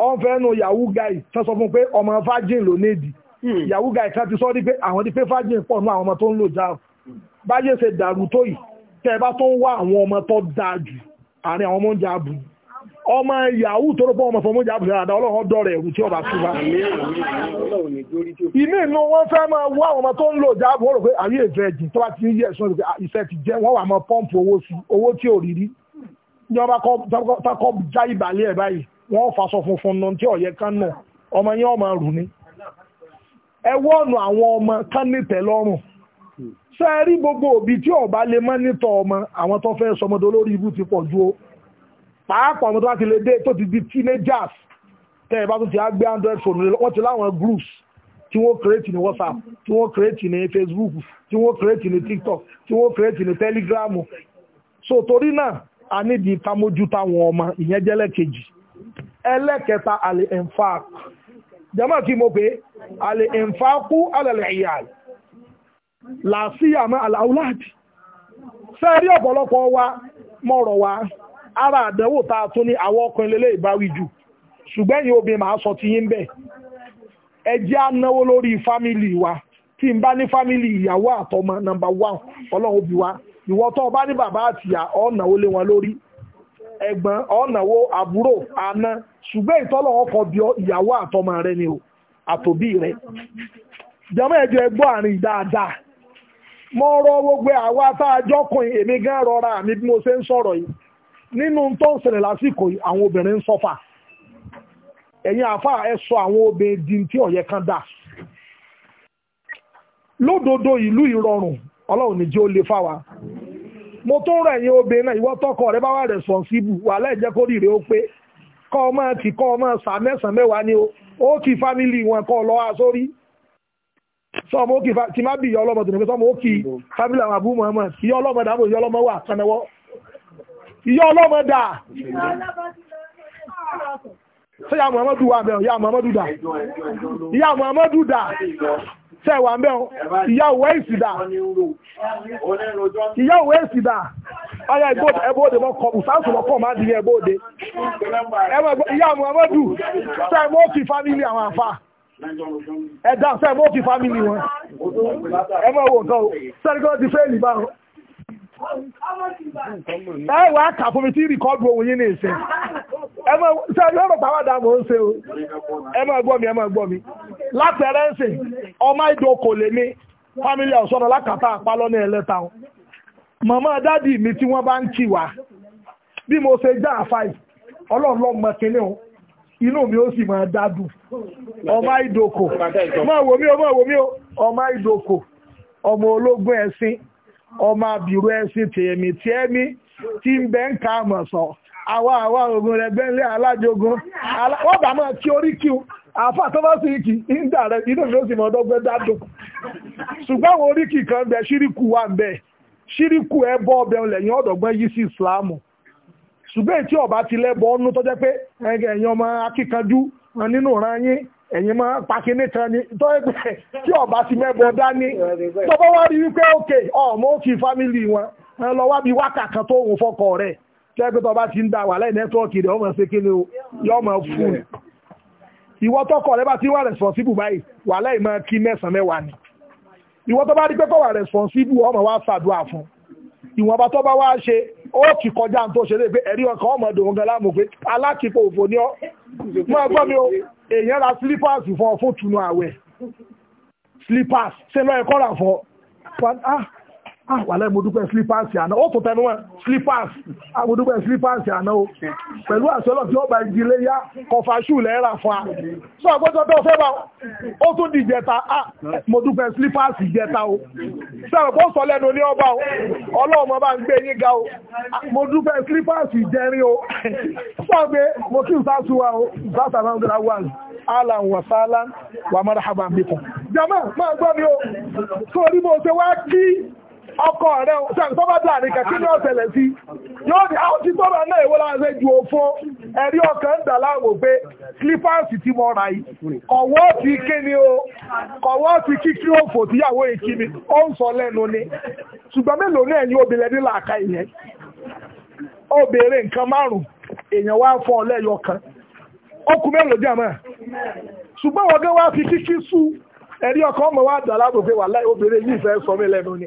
ọmọ ẹnu yahoo guy tó sọ fún pé ọmọ fájìn ló nídìí hmm. yahoo guy kan ti sọ di àwọn di pé fájìn pọ̀ nú àwọn ọmọ tó ń lò já báyé ṣe dàrú tó yìí tẹ́ ẹ bá tó ń wá àwọn ọmọ tó dáa jù àárín àwọn ọmọ oúnjẹ àbùkù ọmọ yahoo tó rọ́pọ̀ ọmọ fọmọ́jà àbùsà àdá ọlọ́run ọdọ́ rẹ̀ ẹ̀rù tí ọba tú bá. ìmí inú wọn fẹ́ máa wá àwọn ọmọ tó ń lò jáàbù wọn rò pé àrí èdè ẹ̀jìn tó bá ti ń yẹ ẹ̀sùn rẹ̀ ah, ìfẹ́ ti jẹ́ wọ́n wà máa pọ́ǹpù owó sí owó tí ò rí rí ní ọba takọ́ já ìbàlẹ̀ ẹ̀ báyìí wọ́n faṣọ funfun nù tí ọ̀yẹ́ kan nù ọmọ yẹn ọmọ rù ni. ẹ wọ́ọ̀nù àwọn ọmọ kan nìtẹ̀ lọ́rùn ṣé ẹ rí gbogbo òbí tí ọba lè mọ́ nítọ̀ ọmọ àwọn tó fẹ́ sọmọdé olórí ibú ti pọ̀ ju o pàápàá ọmọ tó bá ti lè dé tó ti di teenagers tẹ́ ẹ bá tún ti á gbé android phone lé wọ́n ti láwọn groups tí wọ́n kírètì ní whatsapp tí wọ́n kírètì ní facebook tí wọ́n kírètì ní tiktok tí wọ́n kírètì ní telegram so torí náà a nídìí ká mójútó àwọn ọmọ ìyẹn jẹ́ lẹ́kejì ẹlẹ́kẹta àlè enfaq jama kí mo pé àlè enfaqu alẹ́lẹ́ ìyá làásìyàmọ́ àlàúláàdì sẹ́ẹ̀rí ọ̀pọ̀lọpọ̀ wa mọ̀rọ̀ wa ara àdánwò tá tún ní àwọn ọkùnrin lélẹ̀ ìbáwí jù máa sọ ti yín bẹ́ẹ̀ ẹ jẹ́ lórí fámìlì wa tí n bá ní fámìlì ìyàwó àtọmọ nọ́mbà one ọlọ́run òbí wa ìwọ ọba ní bàbá àtìyà ọ̀ náwó lé wọn lórí ẹ̀gbọ́n ọ̀ àbúrò àná ṣùgbọ́n ìtọ́lọ̀ ọkọ̀ bí ìyàwó àtọmọ rẹ ni o àtòbí rẹ ẹgbọ́ àárín nínú tó ń ṣẹlẹ̀ lásìkò àwọn obìnrin ń sọ́fà ẹ̀yin àáfà ẹ sọ àwọn obìnrin di tí ọ̀yẹ́ kan dà lódodo ìlú ìrọ̀rùn ọlọ́run ní jẹ́ ó lè fáwa mo tó rẹ̀ yín obìnrin náà ìwọ́ tọkọ rẹ bá wà responsible wà láìjẹ́ kó rírẹ́ ó pé kọ́ ọmọ ti kọ́ ọmọ sà mẹ́sàn-án mẹ́wàá ni ó kì fámìlì wọn kọ́ lọ́wọ́ sórí sọmọ ó kì tí má bì yọ ọlọ́mọ tó ní pé sọmọ ó kì fámìlì àwọn àbúmọ̀ ọmọ sí ọlọ́mọ dàbò yọ ọlọ́mọ wà kanáwọ́ ìyá ọlọ́mọ dà ṣé ìyá Muhammadu wà bẹ́ẹ̀ ìyá Muhammadu dà ìyá Muhammadu dà ṣé wà bẹ́ẹ̀ ìyá òwe ìsìdà ìyá òwe ìsìdà ọyá ẹgbóde mọ́kọ ìsáàsù mọ́kọ máa di ní ẹgbóde ìyá Muhammadu ṣé mọ́ fi fámílì àwọn àfà ẹ̀dá ṣé mọ́ fi fámílì wọn ẹ mọ́ wò kọ́ sẹ́ríkọ́ ti fẹ́ẹ̀lì báwọn ẹ wà á kà fún mi tí rìkọ́dù ohun yín ní ìsìn ẹ máa ṣe lọ́rọ̀ pàwádà mò ń ṣe o ẹ máa gbọ́ mi ẹ máa gbọ́ mi látẹ̀rẹ́ ń sìn ọmọ ìdó kò lè ní fámílì ọ̀ṣọ́nà lákàtà àpálọ́ ní ẹlẹ́ta o màmá dádì mi tí wọ́n bá ń kì wá bí mo ṣe já àfáì ọlọ́run lọ́mọ kínní o inú mi ó sì máa dádùn ọmọ ìdókò máa wò o máa wò mí o ọmọ ìdókò ọmọ ológun ẹ̀sìn ọmọ abirú ẹ̀sìn tèmi tèmi tí ń bẹ ń ka àmọ̀ sọ àwa àwa ogun rẹ̀ bẹ́ńlẹ̀ alájogun wọ́n bá máa tí orí kí àfà tó bá dà rẹ̀ inú mi ó kan bẹ ṣíríkù wà ń bẹ ṣíríkù ẹ bọ́ ọbẹ̀ ọ̀dọ̀gbọ́n yìí tí ọba ti lẹ́bọ̀ ọ́nú pé ẹ̀yìn ọmọ ẹ̀yin máa pàkíní kan ni tó ń pẹ́ tí ọba ti mẹ́bọ dání tó bá wá rí wípé òkè ọmọ òkè fámìlì wọn lọ wá bí wákà kan tó òun fọkọ rẹ̀ tó ẹgbẹ́ tó bá ti ń da wà láì nẹ́tíwọ́ọ̀kì rẹ̀ ọmọ ṣe kíni o yọmọ fún un ìwọ tọkọ rẹ bá ti wà responsible báyìí wà láì máa kí mẹ́sàn-án mẹ́wàá ni ìwọ tó bá rí pé wà responsible ọmọ wa fàdúrà fún ìwọ̀nba ó ti kọjá tó ṣe lé pé ẹ̀rí ọkàn ọmọ ọdún gan láàmú alákìpọ̀ òfò ni ọ́ máa gbọ́ mi o èèyàn ra slippers fún ọ fún tunu àwẹ̀ slippers ṣe lọ ẹ̀kọ́ rà fọ́ ah àwàlẹ́ ah, mo dúpẹ́ slippers àná ó tó tẹnu wọn slippers ah, mo dúpẹ́ slippers àná o pẹ̀lú àṣọlọ tí ọba ìdílé yá kọfà ṣù lẹ́ẹ̀rà fún a sọ àgbẹ̀tọ́ tó fẹ́ bá ó tún di ìjẹta ah, mo dúpẹ́ slippers ìjẹta o sọ̀rọ̀ bó sọ lẹ́nu ní ọba o ọlọ́ọ̀mọ bá ń gbé yín ga o mo dúpẹ́ slippers ìjẹrin o sọ pé mo kí n sáà súwa o ìbáṣà náà gbéra wà alan wa salan wa marhaban bikum jama ma gbọ́ o sórí mo ṣe wá kí ọkọ rẹ̀ sọ́bàdà àríkà kí ní ọ̀sẹ̀lẹ̀ sí yóò ní àwọn tí tọ́rọ náà èwo láti ju òfó ẹ̀rí ọkàn ń dà láàmú pé clippers tí mo ra yìí kọ̀wọ́ ti kí ni o kọ̀wọ́ ti kí kí òfò tíyàwó èkí mi. ó ń sọ lẹ́nu ni ṣùgbọ́n mélòó ní ẹ̀yìn obìnrin nílà àká ìyẹn ó nǹkan márùn èèyàn wá ọ kan ó mélòó jẹ́ mọ́ ṣùgbọ́n wọ́n gé wá fi kíkí sú ẹ̀rí ọkàn ọmọ wa dà láàmú pé wàláì obìnrin yìí fẹ́ sọ mí lẹ́nu ni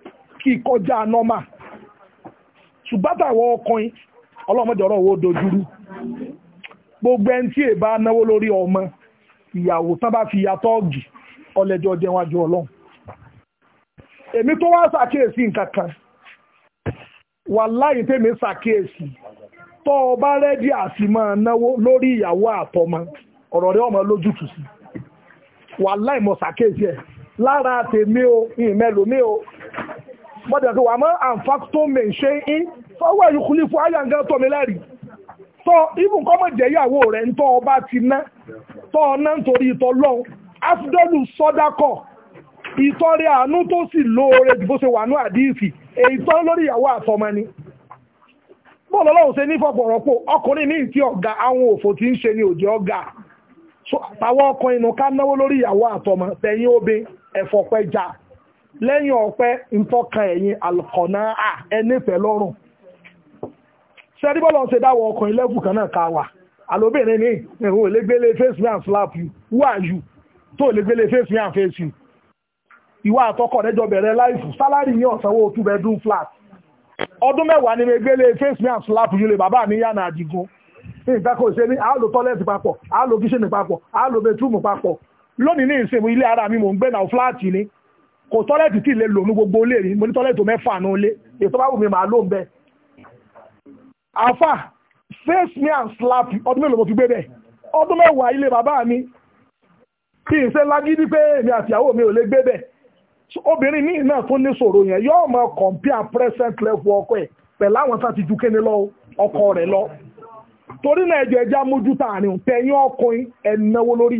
kí kọjá nọ́mà ṣùgbọ́n táwọn ọkùnrin ọlọ́mọdé ọ̀rọ̀ owó dojúrú gbogbo ẹni tí èèbá náwó lórí ọmọ ìyàwó tán bá fi ya tọ́ọ̀gì ọlẹ́jọ́ jẹ́ wájú ọlọ́run èmi tó wá ṣàkíyèsí nǹkan kan wà láyé tèmi ṣàkíyèsí tó o bá rẹ́dí àti máa náwó lórí ìyàwó àtọmọ ọ̀rọ̀ rẹ ọmọ lójútùú sí wà láì mọ̀ ṣàkíyèsí ẹ̀ lára tèmi o ìmẹ́lòmí o bọ́dẹ̀ pé wà mọ́ àǹfààtún mè ṣe ń fọwọ́ ìkúlí fún ayé àǹgá tọ́mi lẹ́rìí tọ́ ibùn kọ́mọ̀ jẹ́ ìyàwó rẹ̀ ń tọ́ ọba ti ná tọ́ ọ̀nà nítorí ìtọ́ lọ́hùn áfídọ́lù sọ́dákọ̀ ìtọ́rẹ àánú tó sì lóore bó ṣe wà ní àdíìsì èyí tán lórí ìyàwó àtọmọ ni bọ́ọ̀lọ́ lọ́wọ́ ṣe ní fọ̀pọ̀rọ̀pọ̀ ọkùnrin ní ìtí ọ̀gá àwọn òfò tí ń ṣe ní òjì ọ̀gá tàwọn ọkùnrin nù ká náwó lórí ìyàwó àtọmọ tẹ̀yìn obìn ẹ̀fọ̀pẹja lẹ́yìn ọ̀pẹ́ ìtọ́ka ẹ̀yìn alkọ̀nà à ẹnìfẹ́ lọ́rùn sẹ́díbọ́lọ́ ṣe dáwọ́ ọkùnrin lẹ́fù kan náà ká wà alóbìnrin ní ìhun ìlégbélé face me and slap you who are you tó ìlégbélé face me and face you ìwà àtọkọ rẹjọ bẹ̀rẹ̀ láìfù sálárì yín ọ̀sánwó two bedroom flat ọdún mẹ́wàá ni mẹ́gbélé face me and slap you lè bàbá mi yànnà àdìgún nǹkan kò ṣe ní àálò tọ́lẹ́tì papọ̀ àálò kíṣìnì papọ̀ àálò bẹtúùmù papọ̀ lónìí ní ìsinmi ilé ara mi mò ń gbé náà fúláàtì ni kò tọ́lẹ̀tì tí lè lò ní gbogbo ole rí mo ní tọ́lẹ̀tì mẹ́fà ní ilé ètò bá wù mí màá ló ń bẹ. àfà face me and slap ọdún mélòó mo fi gbé bẹ ọdún mẹ́wàá ilé bàbá mi kì í ṣe lágídí pé èmi àtìyàwó mi ò lè gbé bẹ́ẹ̀ obìnrin tó ní yẹn yóò present level ọkọ pẹ̀lú àwọn ju lọ ọkọ lọ torí náà tẹ̀yìn ọkùnrin ẹ̀ náwó lórí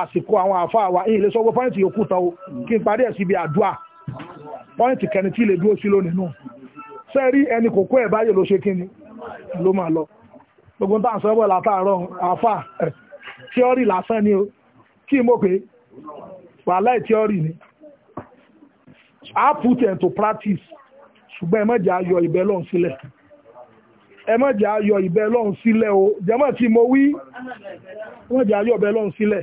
àsìkò àwọn àfáà wa ìyìn lè sọ gbogbo pọ́ìntì yòókù tán o kí n parí ẹ̀ síbi àdúà pọ́ìntì kẹni tí lè dúró sí lónìí nù sẹ́rí ẹni kò kó ẹ̀ báyìí ló ṣe kí ni ló máa lọ gbogbo tá ń sọ ẹ̀bọ̀ látàárọ̀ àfáà tíọ́rì lásán ni o kí mo pé wàhálà tíọ́rì ni I put it to practice ṣùgbọ́n ẹ má jẹ́ ayọ̀ ìbẹ́ lọ́hùn sílẹ̀ ẹ má jẹ́ ayọ̀ ìbẹ́ lọ́hùn sílẹ̀ o jẹ́mọ̀ tí mo wí ẹ má jẹ́ ayọ̀ ìbẹ́ lọ́hùn sílẹ̀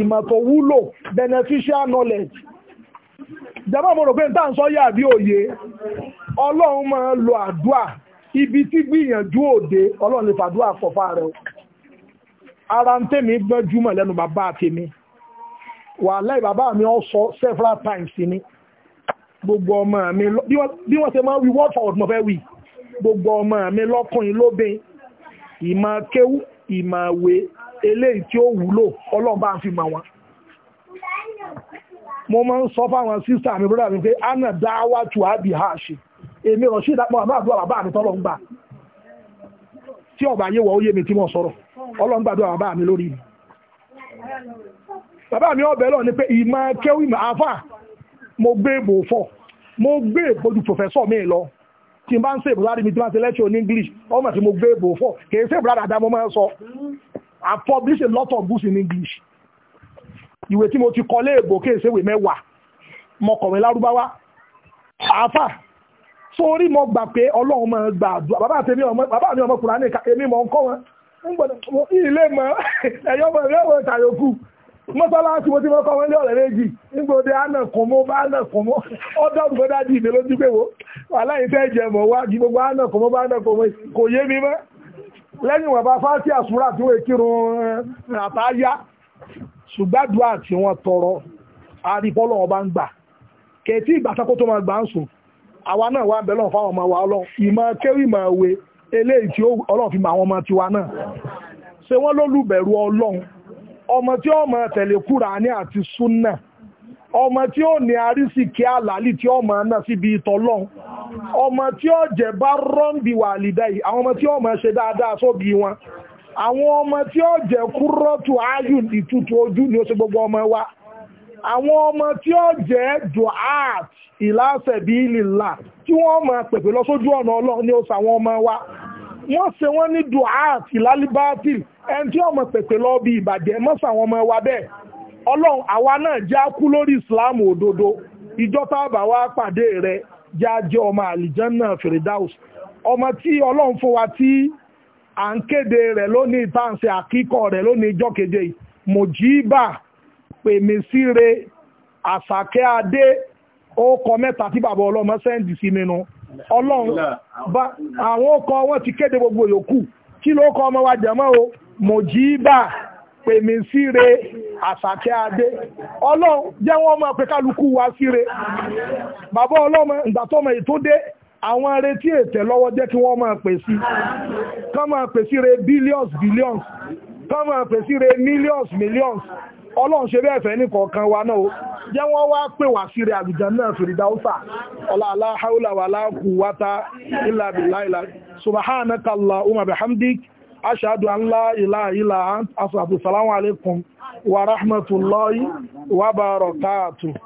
ìmọ̀ tó wúlò beneficial knowledge jàmbá mo rò pé níta ń sọ yà bí òye ọlọ́run máa ń lo àdúà ibi tí gbìyànjú òde ọlọ́run lè fàdúà fọ̀fà rẹ̀ ara ń tèmi gbọ́njúmọ̀ lẹ́nu bàbá tèmi wàláhì bàbá mi ọ sọ several times ni gbogbo ọmọ mi bí wọ́n ṣe máa wí word for word mo fẹ́ wí gbogbo ọmọ mi lọ́kùnrin lóbìn ìmọ̀ kéwú ìmọ̀ àwẹ̀ eléyìí tí ó wúlò ọlọ́run bá ń fi mọ̀ wọn mo máa ń sọ fáwọn sísá mi brọ́dà mi pé anna dáwà tù ábì ha ṣe èmi rọ̀ sí ìdápọ̀ àbá àdúrà bàbá mi tọ́lọ́ ń gbà tí ọba yé wọ ó yé mi tí mo sọ̀rọ̀ ọlọ́run gbàdúrà bàbá mi lórí mi bàbá mi ọbẹ̀ lọ ni pé ìmọ̀ kéwì mà áfà mo gbé èbò fọ̀ mo gbé èbò ju pòfẹ́sọ̀ English ọmọ tí mo gbé èbò fọ̀ kì í ṣe ìbúra dáadáa mo máa I publish a lot of books in English ìwé tí mo ti kọ léèbò kí n ṣe ìwé mẹ́wàá mo kọ̀wé lárúbáwá àáfà sórí mo gbà pé ọlọ́run máa gbà àdúrà bàbá àti bàbá mi ọmọ kùránì ká èmi mọ̀ ń kọ́ wọn ń gbọ́dọ̀ ilé mọ̀ ẹ̀yọ́ mọ̀ ẹ̀yọ́ mọ̀ ìtàyòkù mọ́sálásí mo ti mọ́ kọ́ wọn lé ọ̀rẹ́ méjì nígbòdè ánàkùnmó bá ánàkùnmó ọdọ́ ìgbọ́dájì ìdè lójú pé wo wà láyé fẹ́ jẹ mọ̀ wá gbogbo ánàkùnmó bá ánàkùnmó kò yé mi mọ́ lẹ́yìn wọn bá fásitì àsúrà tí wọ́n kírun eh, àtàyà ṣùgbàdùà tí wọ́n tọrọ àrífọ́lọ́ ọba ń gbà kẹtí ìgbàtakó tó máa gbà ń sùn àwa náà wà bẹ́lọ̀ fáwọn ọmọ wa ọlọ́ ìmọ̀ kéwì mọ̀ òwe eléyìí tí ọlọ́run fi mọ àwọn ọmọ tiwa náà ṣé wọ́n ló lùbẹ̀rù ọlọ́run ọmọ tí ọmọ tẹ̀lé Kùránì àti súnà ọmọ tí ó ní àrísìkí àlàlì tí ó máa ná síbi ìtọ́lọ́n ọmọ tí ó jẹ́ bá rọ́ǹbì wà lìdá yìí àwọn ọmọ tí ó máa ṣe dáadáa sóbi wọn àwọn ọmọ tí ó jẹ́ kúrọ́tù ayù ìtutù ojú ni ó ṣe gbogbo ọmọ wa àwọn ọmọ tí ó jẹ́ duat ìlàsẹ̀bí ìlìlà tí wọ́n máa pèpè lọ sójú ọ̀nà ọlọ́run ni ó ṣàwọn ọmọ wa wọ́n ṣe wọ́n ní duat ìlàlíbátì ẹni tí ọmọ pèpè lọ bí ìbàjẹ́ mọ́sàwọn ọmọ wa bẹ́ẹ̀ ọlọ́run àwa náà já kú lórí islam òdodo ìjọ tábà wá pàdé rẹ já jẹ́ ọmọ àlìjánná firdaus ọmọ tí ọlọ́run fún wa tí à ń kéde rẹ̀ lónìí ìtànṣe àkíkọ̀ rẹ̀ lónìí ìjọ keje mojiba pèmísíre àṣàkẹ́ adé ó kọ mẹ́ta tí bàbá ọlọ́mọ sẹ́ǹdì sí nínú ọlọ́run bá àwọn ọkọ̀ wọn ti kéde gbogbo yòókù kí ló kọ ọmọ wa jẹ̀mọ́ o mojiba pèmí síre àṣàkẹ́ adé ọlọ́run jẹ́ wọ́n mọ̀ pé kálukú síre bàbá ọlọ́mọ ìgbà tọ́mọ ètò dé àwọn aretí ètè lọ́wọ́ jẹ́ kí wọ́n mọ́ pè sí kán máa pè sí billions billions kán máa pè millions millions ọlọ́run ṣe bẹ́ẹ̀ fẹ́ ní kọ̀ọ̀kan wa náà jẹ́ wọ́n wá pè wá ìlàbìláìlà ashhadu an la ilaha illa anta astaghfiruka wa atubu ilayk assalamu alaikum wa